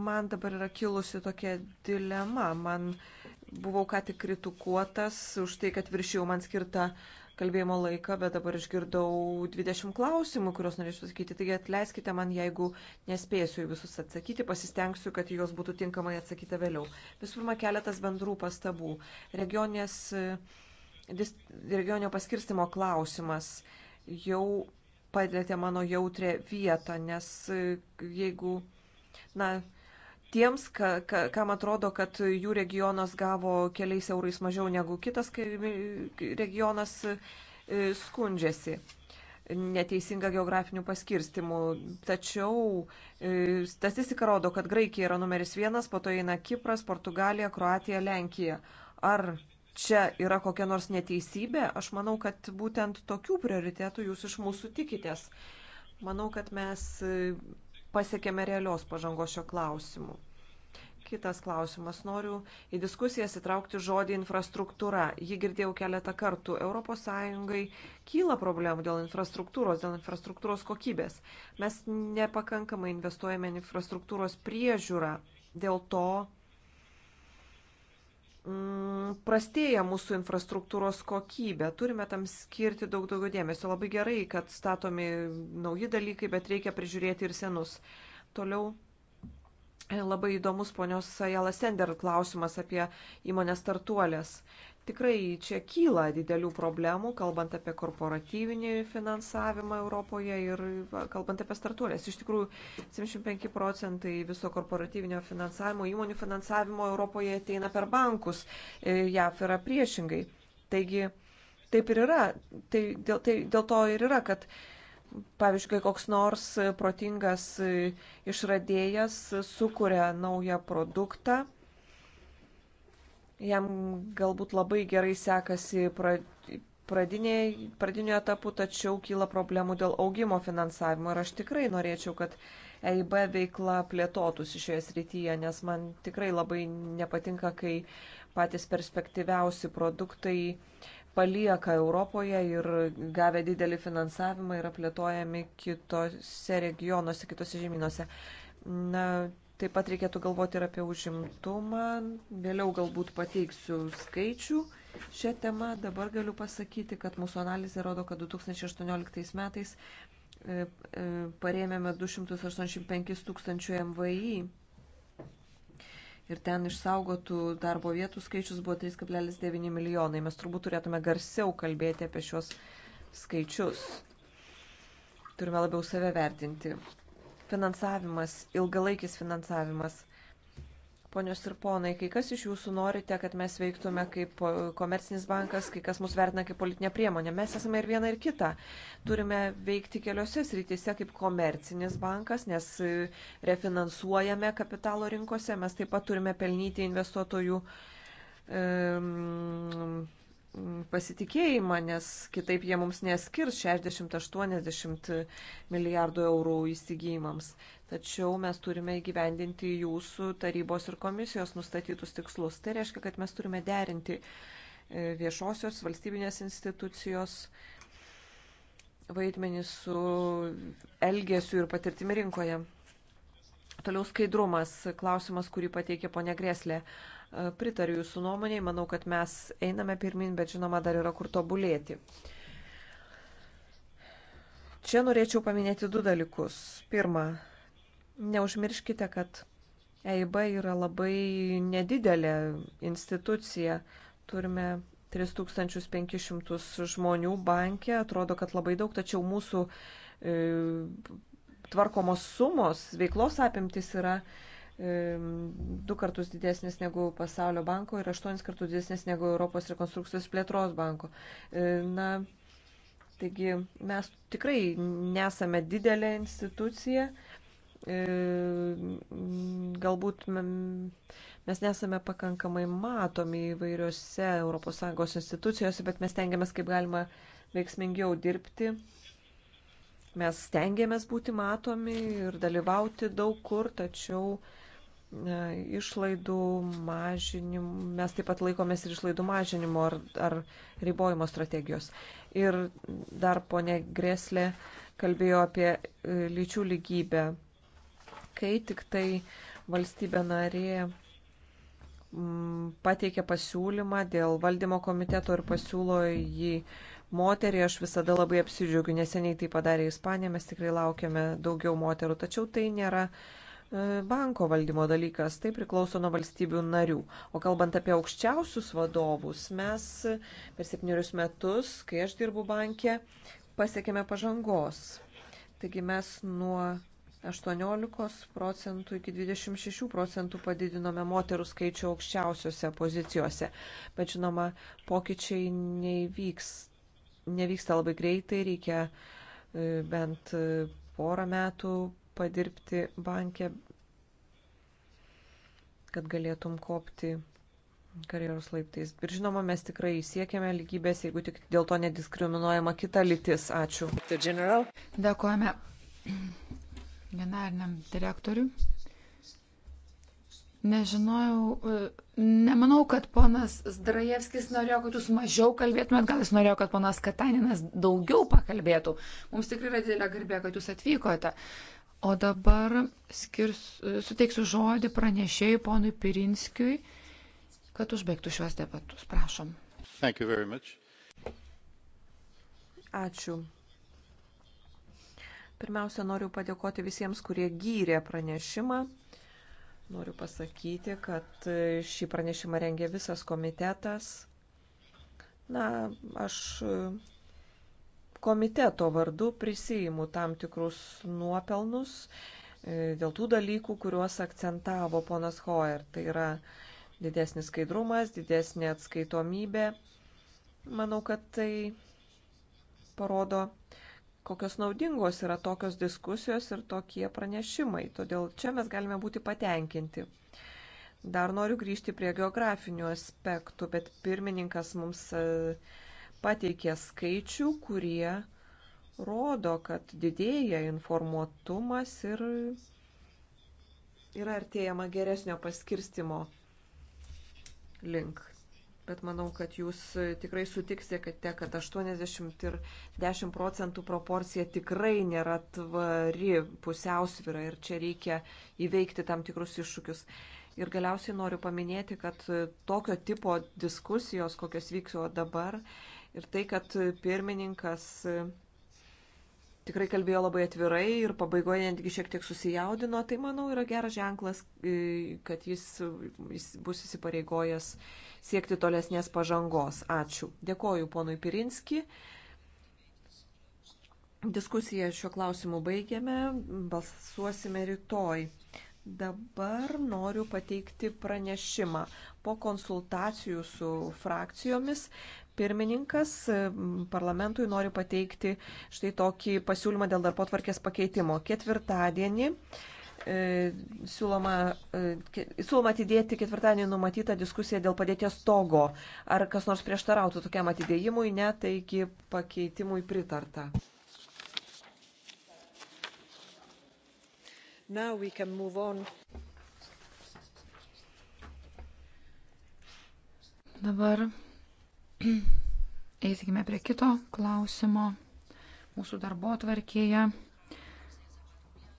Man dabar yra kilusi tokia dilema. Man buvau ką tik kritikuotas už tai, kad viršėjau man skirtą kalbėjimo laiką, bet dabar išgirdau 20 klausimų, kuriuos norėčiau atsakyti. Taigi atleiskite man, jeigu nespėsiu į visus atsakyti, pasistengsiu, kad juos būtų tinkamai atsakyta vėliau. Visų pirma, keletas bendrų pastabų. Regionės, regionio paskirstimo klausimas jau palėtė mano jautrę vietą, nes e, jeigu, na, tiems, ka, ka, kam atrodo, kad jų regionas gavo keliais eurais mažiau negu kitas regionas, e, skundžiasi neteisinga geografinių paskirstimų. Tačiau e, statistika rodo, kad Graikija yra numeris vienas, po to eina Kipras, Portugalija, Kroatija, Lenkija. Ar čia yra kokia nors neteisybė, aš manau, kad būtent tokių prioritėtų jūs iš mūsų tikitės. Manau, kad mes e, pasiekėme realios pažangos šio klausimu. Kitas klausimas. Noriu į diskusijas įtraukti žodį infrastruktūra. Jį girdėjau keletą kartų. ES kyla problemų dėl infrastruktūros, dėl infrastruktūros kokybės. Mes nepakankamai investuojame į infrastruktūros priežiūrą. Dėl to Mm, prastėja mūsų infrastruktūros kokybė, turime tam skirti daug daugiau dėmesio. Labai gerai, kad statomi nauji dalykai, bet reikia prižiūrėti ir senus. Toliau e, labai įdomus ponios Sajala Sender klausimas apie įmonės startuolės. Tikrai čia kyla didelių problemų, kalbant apie korporatyvinį finansavimą Europoje ir kalbant apie startuolės. Iš tikrųjų, 75 procentai viso korporatyvinio finansavimo, įmonių finansavimo Europoje ateina per bankus. E, JAF yra priešingai. Taigi, taip ir yra. Tai dėl, tai, dėl to ir yra, kad pavyzdžiui, koks nors protingas e, išradėjas sukuria naują produktą Jam galbūt labai gerai sekasi pradinė, pradiniu etapu, tačiau kyla problemų dėl augimo finansavimo. Ir aš tikrai norėčiau, kad EIB veikla plėtotųsi šioje srityje, nes man tikrai labai nepatinka, kai patys perspektyviausi produktai palieka Europoje ir gavę didelį finansavimą yra plėtojami kitose regionuose, kitose žemynuose. Na, Taip pat reikėtų galvoti ir apie užimtumą. Vėliau galbūt pateiksiu skaičių šią temą. Dabar galiu pasakyti, kad mūsų analizė rodo, kad 2018 metais e, e, parėmėme 285 tūkstančių MVI. Ir ten išsaugotų darbo vietų skaičius buvo 3,9 milijonai. Mes turbūt turėtume garsiau kalbėti apie šios skaičius. Turime labiau save vertinti finansavimas, ilgalaikis finansavimas. Ponios ir ponai, kai kas iš jūsų norite, kad mes veiktume kaip komercinis bankas, kai kas mus vertina kaip politinė priemonė. Mes esame ir viena, ir kita. Turime veikti keliose srityse kaip komercinis bankas, nes e, refinansuojame kapitalo rinkose, mes taip pat turime pelnyti investuotojų um, pasitikėjimą, nes kitaip jie mums neskirs 60-80 milijardų eurų įsigijimams. Tačiau mes turime įgyvendinti jūsų tarybos ir komisijos nustatytus tikslus. Tai reiškia, kad mes turime derinti e, viešosios valstybinės institucijos vaidmenį su elgesiu ir patirtimi rinkoje. Toliau skaidrumas, klausimas, kurį pateikė ponia Greslė. Pritariu jūsų nuomonėje, manau, kad mes einame pirmin, bet žinoma, dar yra kur tobulėti. Čia norėčiau paminėti du dalykus. Pirma, neužmirškite, kad EIB yra labai nedidelė institucija. Turime 3500 žmonių bankė, atrodo, kad labai daug, tačiau mūsų e, tvarkomos sumos, veiklos apimtis yra du kartus didesnis negu Pasaulio banko ir aštuonis kartus didesnis negu Europos rekonstrukcijos plėtros banko. E, na, taigi mes tikrai nesame didelė institucija. E, galbūt mes nesame pakankamai matomi įvairiose ES institucijose, bet mes tengiamės kaip galima veiksmingiau dirbti mes stengiamės būti matomi ir dalyvauti daug kur, tačiau E, išlaidų mažinimu, mes taip pat laikomės ir išlaidų mažinimo ar, ar ribojimo strategijos. Ir dar ponė Greslė kalbėjo apie e, lyčių lygybę. Kai tik tai valstybė narė pateikė pasiūlymą dėl valdymo komiteto ir pasiūlo jį moterį, aš visada labai apsidžiaugiu, neseniai tai padarė Ispanija, mes tikrai laukiame daugiau moterų, tačiau tai nėra uh, E, banko valdymo dalykas, tai priklauso nuo valstybių narių. O kalbant apie aukščiausius vadovus, mes per septynerius metus, kai aš dirbu bankė, pasiekėme pažangos. Taigi mes nuo 18 procentų iki 26 procentų padidinome moterų skaičių aukščiausiose pozicijose. Bet žinoma, pokyčiai nevyks, nevyksta labai greitai, reikia e, bent e, porą metų padirbti bankė, kad galėtum kopti karjeros laiptais. Ir žinoma, mes tikrai siekiame lygybės, jeigu tik dėl to nediskriminuojama kita lytis. Ačiū. Dėkojame generaliniam direktoriui. Nežinojau, nemanau, kad ponas Zdrajevskis norėjo, kad jūs mažiau kalbėtumėt, gal jis norėjo, kad ponas Kataninas daugiau pakalbėtų. Mums tikrai yra didelė garbė, kad jūs atvykote. O dabar skirs, suteiksiu žodį pranešėjai ponui Pirinskiui, kad užbaigtų šiuos debatus. Prašom. Ačiū. Pirmiausia, noriu padėkoti visiems, kurie gyrė pranešimą. Noriu pasakyti, kad šį pranešimą rengė visas komitetas. Na, aš komiteto vardu prisijimu tam tikrus nuopelnus e, dėl tų dalykų, kuriuos akcentavo ponas Hoer. Tai yra didesnis skaidrumas, didesnė atskaitomybė. Manau, kad tai parodo, kokios naudingos yra tokios diskusijos ir tokie pranešimai. Todėl čia mes galime būti patenkinti. Dar noriu grįžti prie geografinių aspektų, bet pirmininkas mums. Uh, pateikė skaičių, kurie rodo, kad didėja informuotumas ir yra artėjama geresnio paskirstimo link. Bet manau, kad jūs tikrai sutiksite, kad, te, kad 80 ir 10 procentų proporcija tikrai nėra tvari pusiausvyra ir čia reikia įveikti tam tikrus iššūkius. Ir galiausiai noriu paminėti, kad tokio tipo diskusijos, kokios vykso dabar, uh, ir tai, kad pirmininkas e, tikrai kalbėjo labai atvirai ir pabaigoje netgi šiek tiek susijaudino, tai manau yra geras ženklas, e, kad jis, jis bus įsipareigojęs siekti tolesnės pažangos. Ačiū. Dėkoju ponui Pirinski. Diskusiją šiuo klausimu baigėme, balsuosime rytoj. Dabar noriu pateikti pranešimą. Po konsultacijų su frakcijomis pirmininkas parlamentui noriu pateikti štai tokį pasiūlymą dėl darbo tvarkės pakeitimo. Ketvirtadienį e, siūloma, e, siūloma atidėti ketvirtadienį numatytą diskusiją dėl padėties togo. Ar kas nors prieštarautų tokiam atidėjimui, ne, taigi pakeitimui pritarta. Now we can move on. Dabar Eisikime prie kito klausimo mūsų darbo tvarkėje.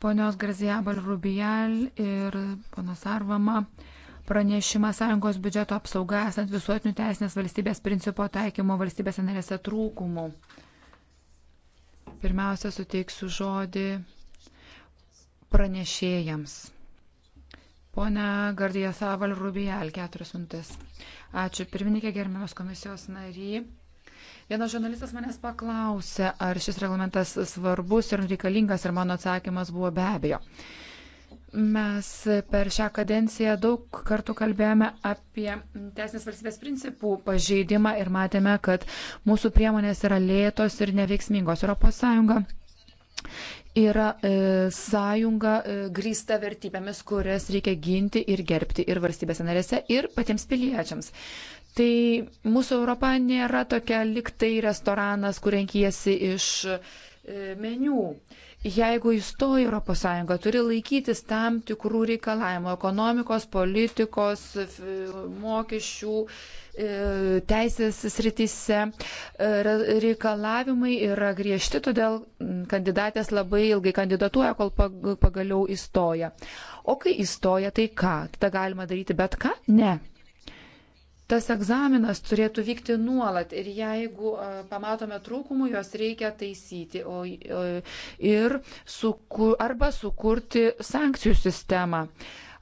Ponios Grazija Balrubijal ir ponas Arvama pranešimas sąjungos biudžeto apsauga esant visuotinių teisinės valstybės principo taikymo valstybės narėse trūkumų. Pirmiausia, suteiksiu žodį pranešėjams. Pone Gardija Saval Rubijal, keturias minutės. Ačiū pirmininkė, gerbiamas komisijos nary. Vienas žurnalistas manęs paklausė, ar šis reglamentas svarbus ir reikalingas, ir mano atsakymas buvo be abejo. Mes per šią kadenciją daug kartų kalbėjome apie teisinės valstybės principų pažeidimą ir matėme, kad mūsų priemonės yra lėtos ir neveiksmingos. ES yra e, sąjunga e, grįsta vertybėmis, kurias reikia ginti ir gerbti ir valstybėse narėse, ir patiems piliečiams. Tai mūsų Europa nėra tokia liktai restoranas, kur renkėsi iš e, meniu. E, jeigu įstoji Europos Sąjungą, turi laikytis tam tikrų reikalavimų - ekonomikos, politikos, mokesčių, e, teisės sritise. E, reikalavimai yra griežti, todėl kandidatės labai ilgai kandidatuoja, kol pagaliau įstoja. O kai įstoja, tai ką? Tada galima daryti bet ką? Ne tas egzaminas turėtų vykti nuolat ir jeigu pamatome trūkumų, juos reikia taisyti o, o, ir suku, arba sukurti sankcijų sistemą.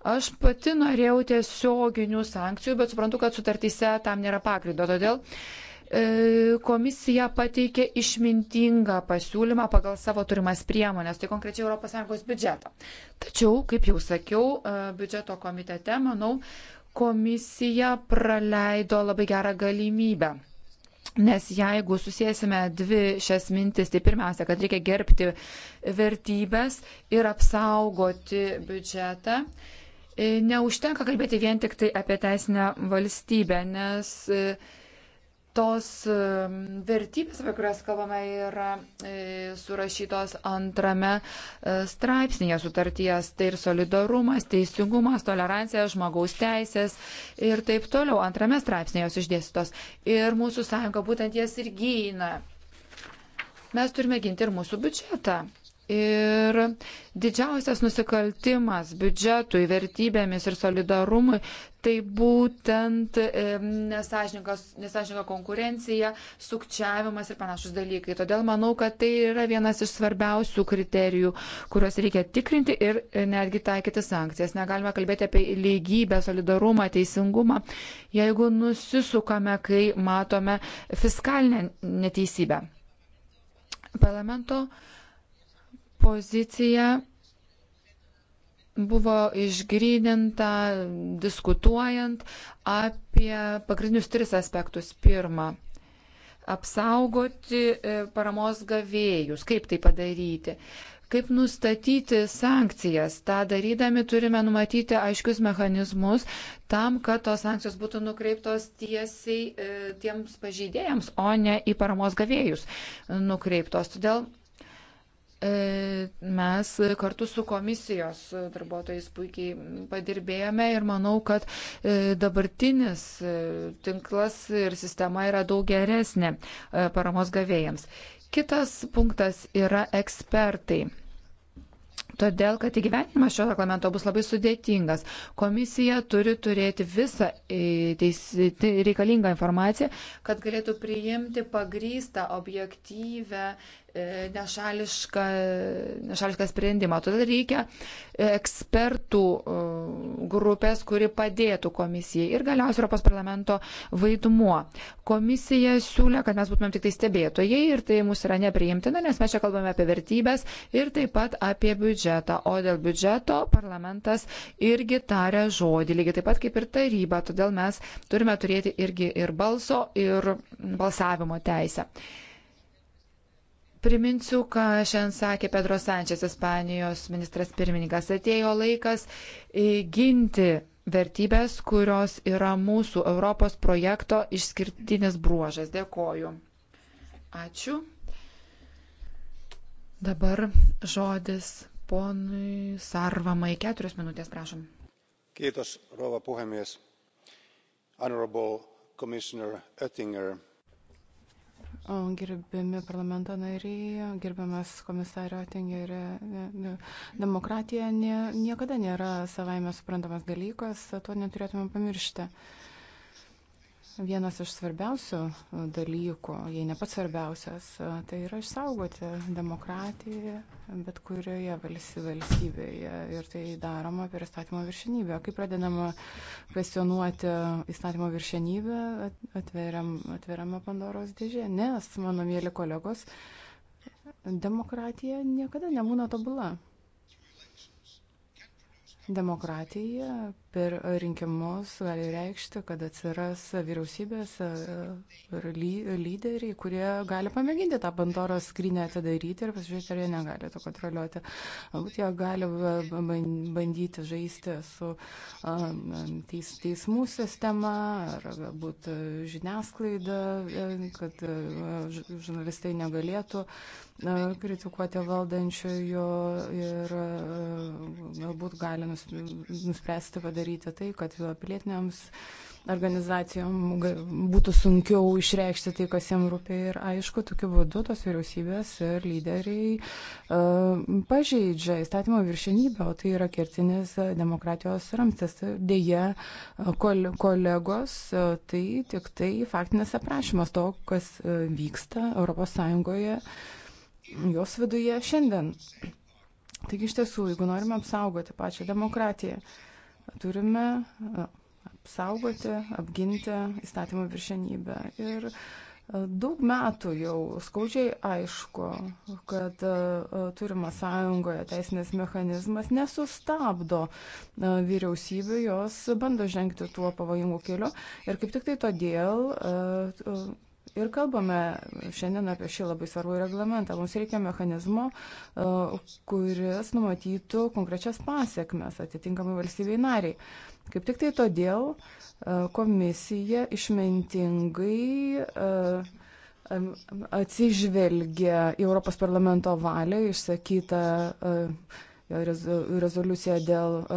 Aš pati norėjau tiesioginių sankcijų, bet suprantu, kad sutartyse tam nėra pagrindo. Todėl e, komisija pateikė išmintingą pasiūlymą pagal savo turimas priemonės, tai konkrečiai ES biudžetą. Tačiau, kaip jau sakiau, e, biudžeto komitete, manau, komisija praleido labai gerą galimybę. Nes jeigu susėsime dvi šias mintis, tai pirmiausia, kad reikia gerbti vertybės ir apsaugoti biudžetą. E, neužtenka kalbėti vien tik tai apie teisinę valstybę, nes e, tos vertybės, apie kurias kalbame, yra e, surašytos antrame e, straipsnėje sutarties. Tai ir solidarumas, teisingumas, tolerancija, žmogaus teisės ir taip toliau. Antrame straipsnėje jos išdėstytos. Ir mūsų sąjunga būtent jas ir gyna. Mes turime ginti ir mūsų biudžetą. Ir didžiausias nusikaltimas biudžetui, vertybėmis ir solidarumui tai būtent nesažininga konkurencija, sukčiavimas ir panašus dalykai. Todėl manau, kad tai yra vienas iš svarbiausių kriterijų, kuriuos reikia tikrinti ir netgi taikyti sankcijas. Negalime kalbėti apie lygybę, solidarumą, teisingumą, jeigu nusisukame, kai matome fiskalinę neteisybę. Parlamento uh, pozicija buvo išgrydinta diskutuojant apie pagrindinius tris aspektus. Pirma, apsaugoti e, paramos gavėjus, kaip tai padaryti. Kaip nustatyti sankcijas? Ta darydami turime numatyti aiškius mechanizmus tam, kad tos sankcijos būtų nukreiptos tiesiai e, tiems pažydėjams, o ne į paramos gavėjus nukreiptos. Todėl E, mes kartu su komisijos darbuotojais puikiai padirbėjome ir manau, kad e, dabartinis e, tinklas ir sistema yra daug geresnė paramos gavėjams. Kitas punktas yra ekspertai. Todėl, kad įgyvenimas šio reglamento bus labai sudėtingas. Komisija turi turėti visą teis, te, reikalingą informaciją, kad galėtų priimti pagrystą, objektyvę E, nešališką, nešališką sprendimą. Todėl reikia ekspertų e, grupės, kuri padėtų komisijai. Ir galiausiai Europos parlamento vaidmuo. Komisija siūlė, kad mes būtumėm tik tai stebėtojai ir tai mus yra nepriimtina, nes mes čia kalbame apie vertybės ir taip pat apie biudžetą. O dėl biudžeto parlamentas irgi taria žodį, lygiai taip pat kaip ir taryba. Todėl mes turime turėti irgi ir balso, ir balsavimo teisę. Priminsiu, ką šiandien sakė Pedro Sančias, Ispanijos ministras pirmininkas. Atėjo laikas e, ginti vertybės, kurios yra mūsų Europos projekto išskirtinis bruožas. Dėkoju. Ačiū. Dabar žodis ponui Sarvamai. Keturios minutės, prašom. Kiitos, rova puhemies. Honorable Commissioner Oettinger. Gerbiami parlamento nariai, gerbiamas komisario Tingerė, demokratija nie, niekada nėra savaime suprantamas dalykas, to neturėtume pamiršti. Vienas iš svarbiausių e, dalykų, jei ne pats svarbiausias, e, tai yra išsaugoti demokratiją bet kurioje valstybėje. Ir tai daroma per įstatymo viršenybę. Kai pradedama kvestionuoti įstatymo viršenybę, atveriam, atveriama Pandoros dėžė. Nes, mano mėly kolegos, demokratija niekada nebūna tobula. Demokratija per rinkimus gali reikšti, kad atsiras vyriausybės e, ir ly lyderiai, kurie gali pamėginti tą Pandoros skrinę atidaryti ir pasižiūrėti, ar jie negali to kontroliuoti. Galbūt jie gali bandyti žaisti su teis teismų sistema ar galbūt e, žiniasklaida, e, kad žurnalistai negalėtų E, kritikuoti valdančiųjų ir e, galbūt gali nuspręsti padaryti tai, kad pilietinėms organizacijom būtų sunkiau išreikšti tai, kas jiems rūpia. Ir aišku, tokiu būdu tos vyriausybės ir lyderiai uh, pažeidžia įstatymo viršenybę, o tai yra kertinis demokratijos ramstis. Deja, kol, kolegos, tai tik tai faktinis aprašymas to, kas vyksta ES jos viduje šiandien. Taigi iš tiesų, jeigu norime apsaugoti pačią demokratiją, turime apsaugoti, apginti įstatymų viršenybę. Ir daug metų jau skaudžiai aišku, kad turima sąjungoje teisinės mechanizmas nesustabdo vyriausybių, jos bando žengti tuo pavojingu keliu. Ir kaip tik tai todėl ir kalbame šiandien apie šį labai svarbų reglamentą. Mums reikia mechanizmo, e, kuris numatytų konkrečias pasiekmes atitinkamai valstybei nariai. Kaip tik tai todėl e, komisija išmintingai e, atsižvelgia į Europos parlamento valią išsakytą rezoliuciją dėl e,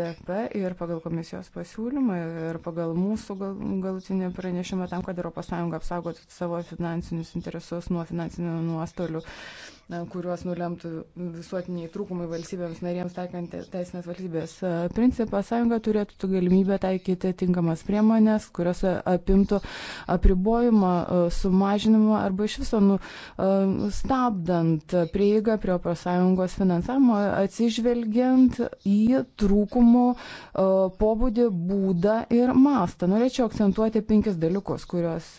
DP ir pagal komisijos pasiūlymą ir pagal mūsų gal, galutinį pranešimą tam, kad ES apsaugotų savo finansinius interesus nuo finansinių nuostolių. Uh, kuriuos nulemtų visuotiniai trūkumai valstybėms narėms taikant teisinės valstybės e, principą, sąjunga turėtų galimybę taikyti tinkamas priemonės, kurios e, apimtų apribojimą, e, sumažinimą arba iš viso nu, stabdant prieigą prie ES finansavimo, atsižvelgiant į trūkumų pobūdį, būdą ir mastą. Norėčiau akcentuoti penkis dalykus, kuriuos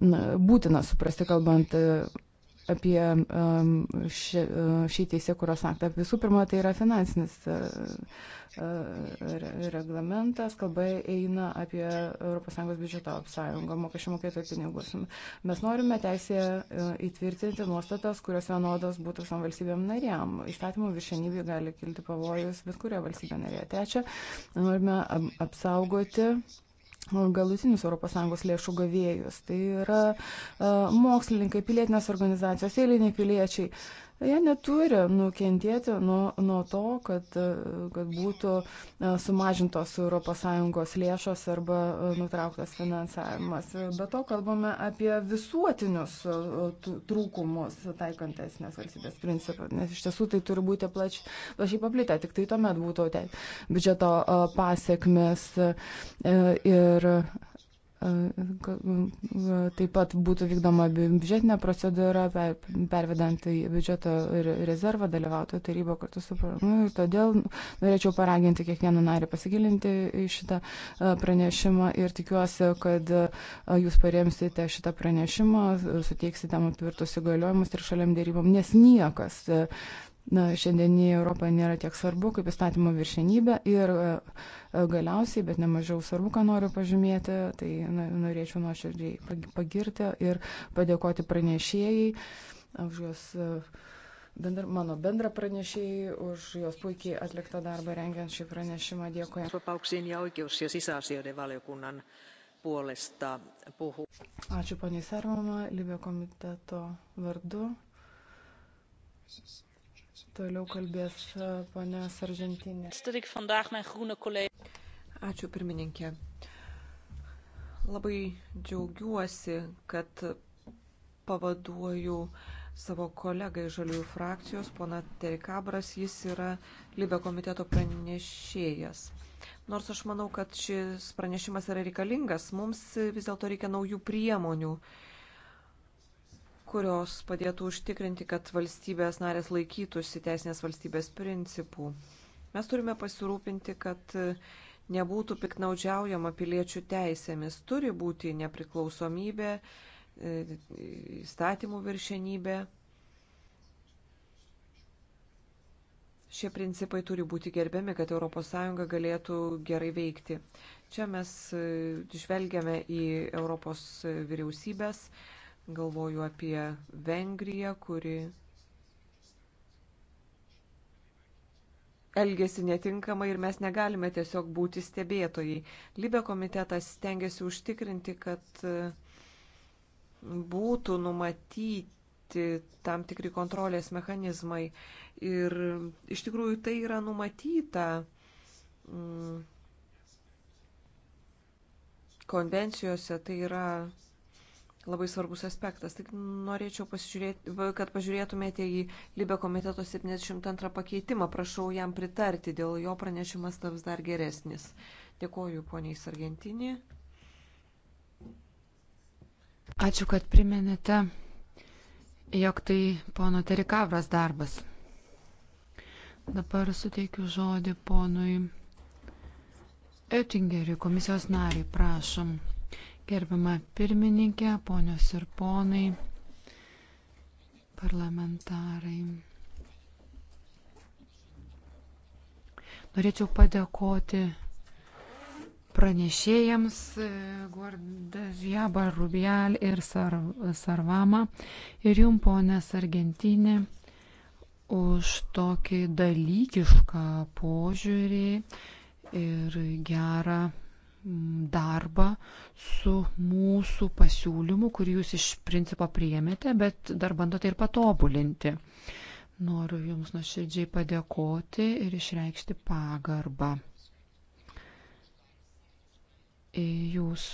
būtina suprasti, kalbant apie um, šį, uh, šį teisėkuros aktą. Visų pirma, tai yra finansinis uh, uh, reglamentas, kalba eina apie ES biudžeto apsąjungą, mokesčių mokėtojų pinigus. Mes norime teisėje įtvirtinti nuostatas, kurios vienodos būtų visom valstybėm narėm. Įstatymų viršenybė gali kilti pavojus bet kurioje valstybėje narėje. Trečia, norime um, apsaugoti galutinius ES lėšų gavėjus. Tai yra mokslininkai, pilietinės organizacijos, eiliniai piliečiai. Jie neturi nukentėti nuo, nuo to, kad, kad būtų e, sumažintos ES lėšos arba e, nutrauktas finansavimas. Be to kalbame apie visuotinius e, trūkumus taikant teisinės valstybės principą, nes iš tiesų tai turi būti plač, plačiai paplitę, tik tai tuomet būtų te, biudžeto pasiekmes ir Taip pat būtų vykdoma biudžetinė procedūra, pervedant į biudžeto rezervą dalyvautų taryba kartu su parlamentu. Ir todėl norėčiau paraginti kiekvieną narį pasigilinti į šitą pranešimą ir tikiuosi, kad jūs paremsite šitą pranešimą, suteiksite man tvirtus įgaliojimus ir šaliam dėrybom, nes niekas na, šiandienį Europoje nėra tiek svarbu kaip įstatymo viršenybė ir e, galiausiai, bet nemažiau svarbu, ką noriu pažymėti, tai na, norėčiau nuoširdžiai pagirti ir padėkoti pranešėjai už jos. E, bendra, mano bendra pranešėjai už jos puikiai atliktą darbą rengiant šį pranešimą. Dėkuoju. Ačiū poniai Sarvama, Libio komiteto vardu. Visas. Toliau kalbės e, ponia Sargentinė. Ačiū pirmininkė. Labai džiaugiuosi, kad pavaduoju savo kolegą iš žaliųjų frakcijos, pona Terikabras, jis yra Libė komiteto pranešėjas. Nors aš manau, kad šis pranešimas yra reikalingas, mums vis dėlto reikia naujų priemonių kurios padėtų užtikrinti, kad valstybės narės laikytųsi teisinės valstybės principų. Mes turime pasirūpinti, kad nebūtų piknaudžiaujama piliečių teisėmis. Turi būti nepriklausomybė, e, įstatymų viršenybė. Šie principai turi būti gerbiami, kad ES galėtų gerai veikti. Čia mes e, žvelgiame į Europos vyriausybės Galvoju apie Vengriją, kuri elgesi netinkamai ir mes negalime tiesiog būti stebėtojai. Libė komitetas stengiasi užtikrinti, kad e, būtų numatyti tam tikri kontrolės mechanizmai. Ir iš tikrųjų tai yra numatyta mm, konvencijose, tai yra labai svarbus aspektas. Tik norėčiau, kad pažiūrėtumėte į Libė komiteto 72 pakeitimą. Prašau jam pritarti, dėl jo pranešimas taps dar geresnis. Dėkoju poniai Sargentinį. Ačiū, kad priminėte, jog tai pono Terikavras darbas. Dabar suteikiu žodį ponui Oettingeriui, komisijos nariai, prašom. Gerbiama pirmininkė, ponios ir ponai, parlamentarai. Norėčiau padėkoti pranešėjams e, Guardžiaba Rubial ir Sar, Sarvama ir jum, ponės Argentinė, už tokį dalykišką požiūrį ir gerą darbą su mūsų pasiūlymu, kurį jūs iš principo priėmėte, bet dar bandote ir patobulinti. Noriu Jums nuoširdžiai padėkoti ir išreikšti pagarbą. Jūs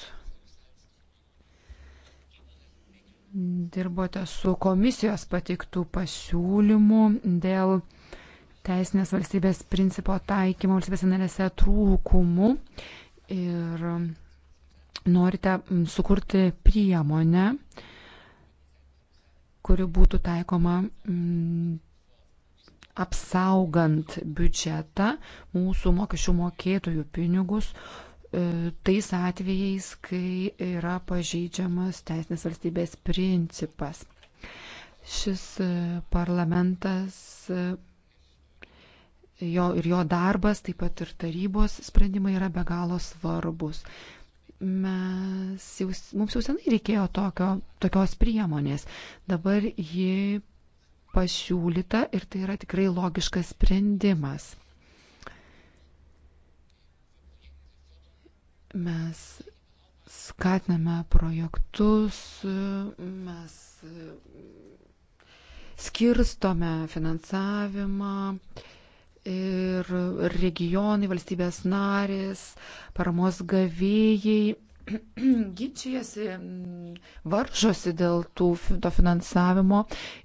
dirbote su komisijos pateiktų pasiūlymų dėl teisinės valstybės principo taikymo valstybės narėse trūkumų ir um, norite um, sukurti priemonę, kuri būtų taikoma mm, apsaugant biudžetą, mūsų mokesčių mokėtojų pinigus, e, tais atvejais, kai yra pažeidžiamas teisinės valstybės principas. Šis e, parlamentas e, jo ir jo darbas, taip pat ir tarybos sprendimai yra be galo svarbus. Mes jau, mums jau senai reikėjo tokio, tokios priemonės. Dabar ji pasiūlyta ir tai yra tikrai logiškas sprendimas. Mes skatiname projektus, mes skirstome finansavimą, ir regionai, valstybės narės, paramos gavėjai ginčijasi, varžosi dėl tų, to finansavimo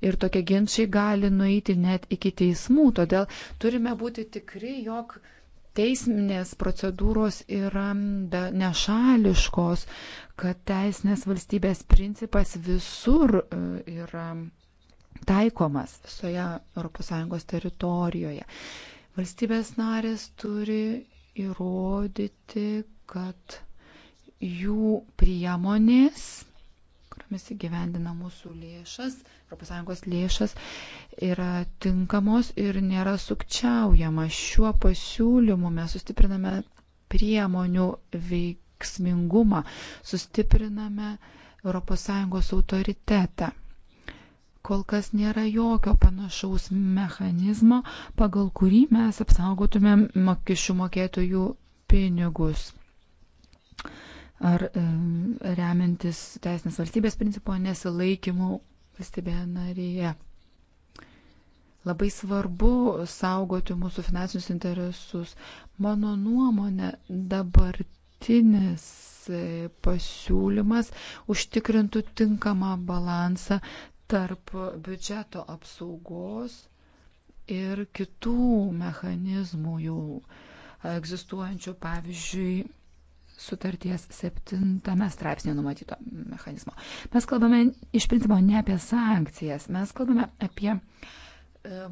ir tokie ginčiai gali nueiti net iki teismų. Todėl turime būti tikri, jog teisminės procedūros yra nešališkos, kad teisinės valstybės principas visur e, yra taikomas visoje ES teritorijoje. Valstybės narės turi įrodyti, kad jų priemonės, kuriomis įgyvendina mūsų lėšas, ES lėšas, yra tinkamos ir nėra sukčiaujama. Šiuo pasiūlymu mes sustipriname priemonių veiksmingumą, sustipriname ES autoritetą. Kol kas nėra jokio panašaus mechanizmo, pagal kurį mes apsaugotumėm mokesčių mokėtojų pinigus. Ar e, remiantis teisinės valstybės principo nesilaikymų valstybėje narėje. Labai svarbu saugoti mūsų finansinius interesus. Mano nuomonė, dabartinis e, pasiūlymas užtikrintų tinkamą balansą tarp biudžeto apsaugos ir kitų mechanizmų jau egzistuojančių, pavyzdžiui, sutarties septintame straipsnėje numatyto mechanizmo. Mes kalbame iš principo ne apie sankcijas, mes kalbame apie e,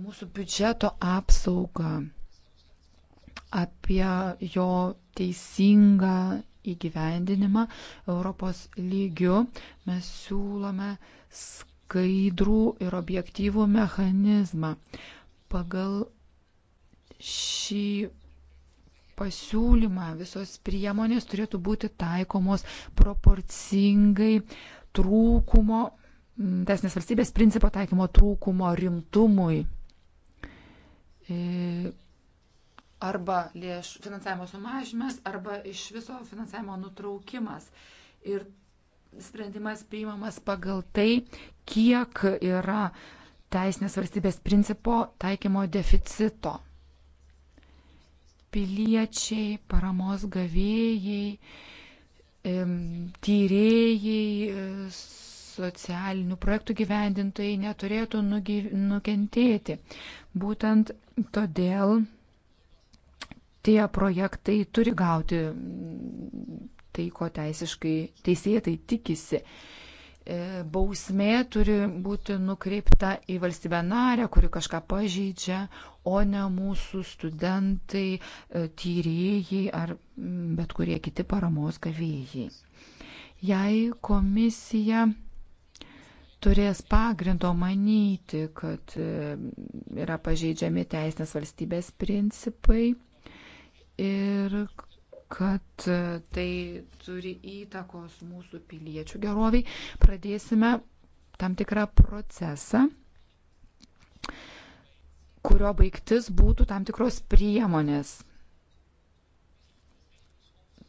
mūsų biudžeto apsaugą, apie jo teisingą įgyvendinimą Europos lygiu. Mes siūlome skatinti skaidrų ir objektyvų mechanizmą. Pagal šį pasiūlymą visos priemonės turėtų būti taikomos proporcingai trūkumo, tesnės valstybės principo taikymo trūkumo rimtumui e, arba lėšų finansavimo sumažinimas, arba iš viso finansavimo nutraukimas. Ir sprendimas priimamas pagal tai, kiek yra teisinės valstybės principo taikymo deficito. Piliečiai, paramos gavėjai, tyrėjai, socialinių projektų gyvendintojai neturėtų nukentėti. Būtent todėl tie projektai turi gauti tai, ko teisiškai teisėtai tikisi. E, bausmė turi būti nukreipta į valstybę narę, kuri kažką pažeidžia, o ne mūsų studentai, e, tyrėjai ar bet kurie kiti paramos gavėjai. Jei komisija turės pagrindo manyti, kad e, yra pažeidžiami teisinės valstybės principai ir kad e, tai turi įtakos mūsų piliečių geroviai, pradėsime tam tikrą procesą, kurio baigtis būtų tam tikros priemonės.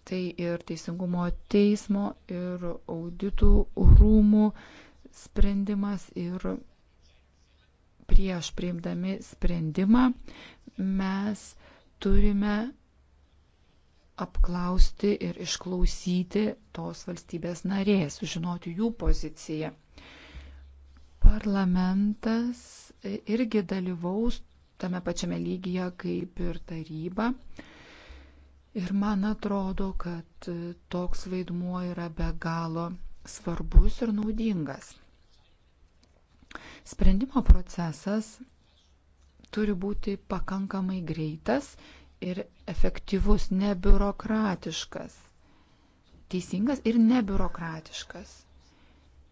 Tai ir teisingumo teismo, ir auditų rūmų sprendimas, ir prieš priimdami sprendimą mes turime apklausti ir išklausyti tos valstybės narės, žinoti jų poziciją. Parlamentas irgi dalyvaus tame pačiame lygyje kaip ir taryba. Ir man atrodo, kad toks vaidmuo yra be galo svarbus ir naudingas. Sprendimo procesas turi būti pakankamai greitas ir efektyvus, nebiurokratiškas. Teisingas ir nebiurokratiškas.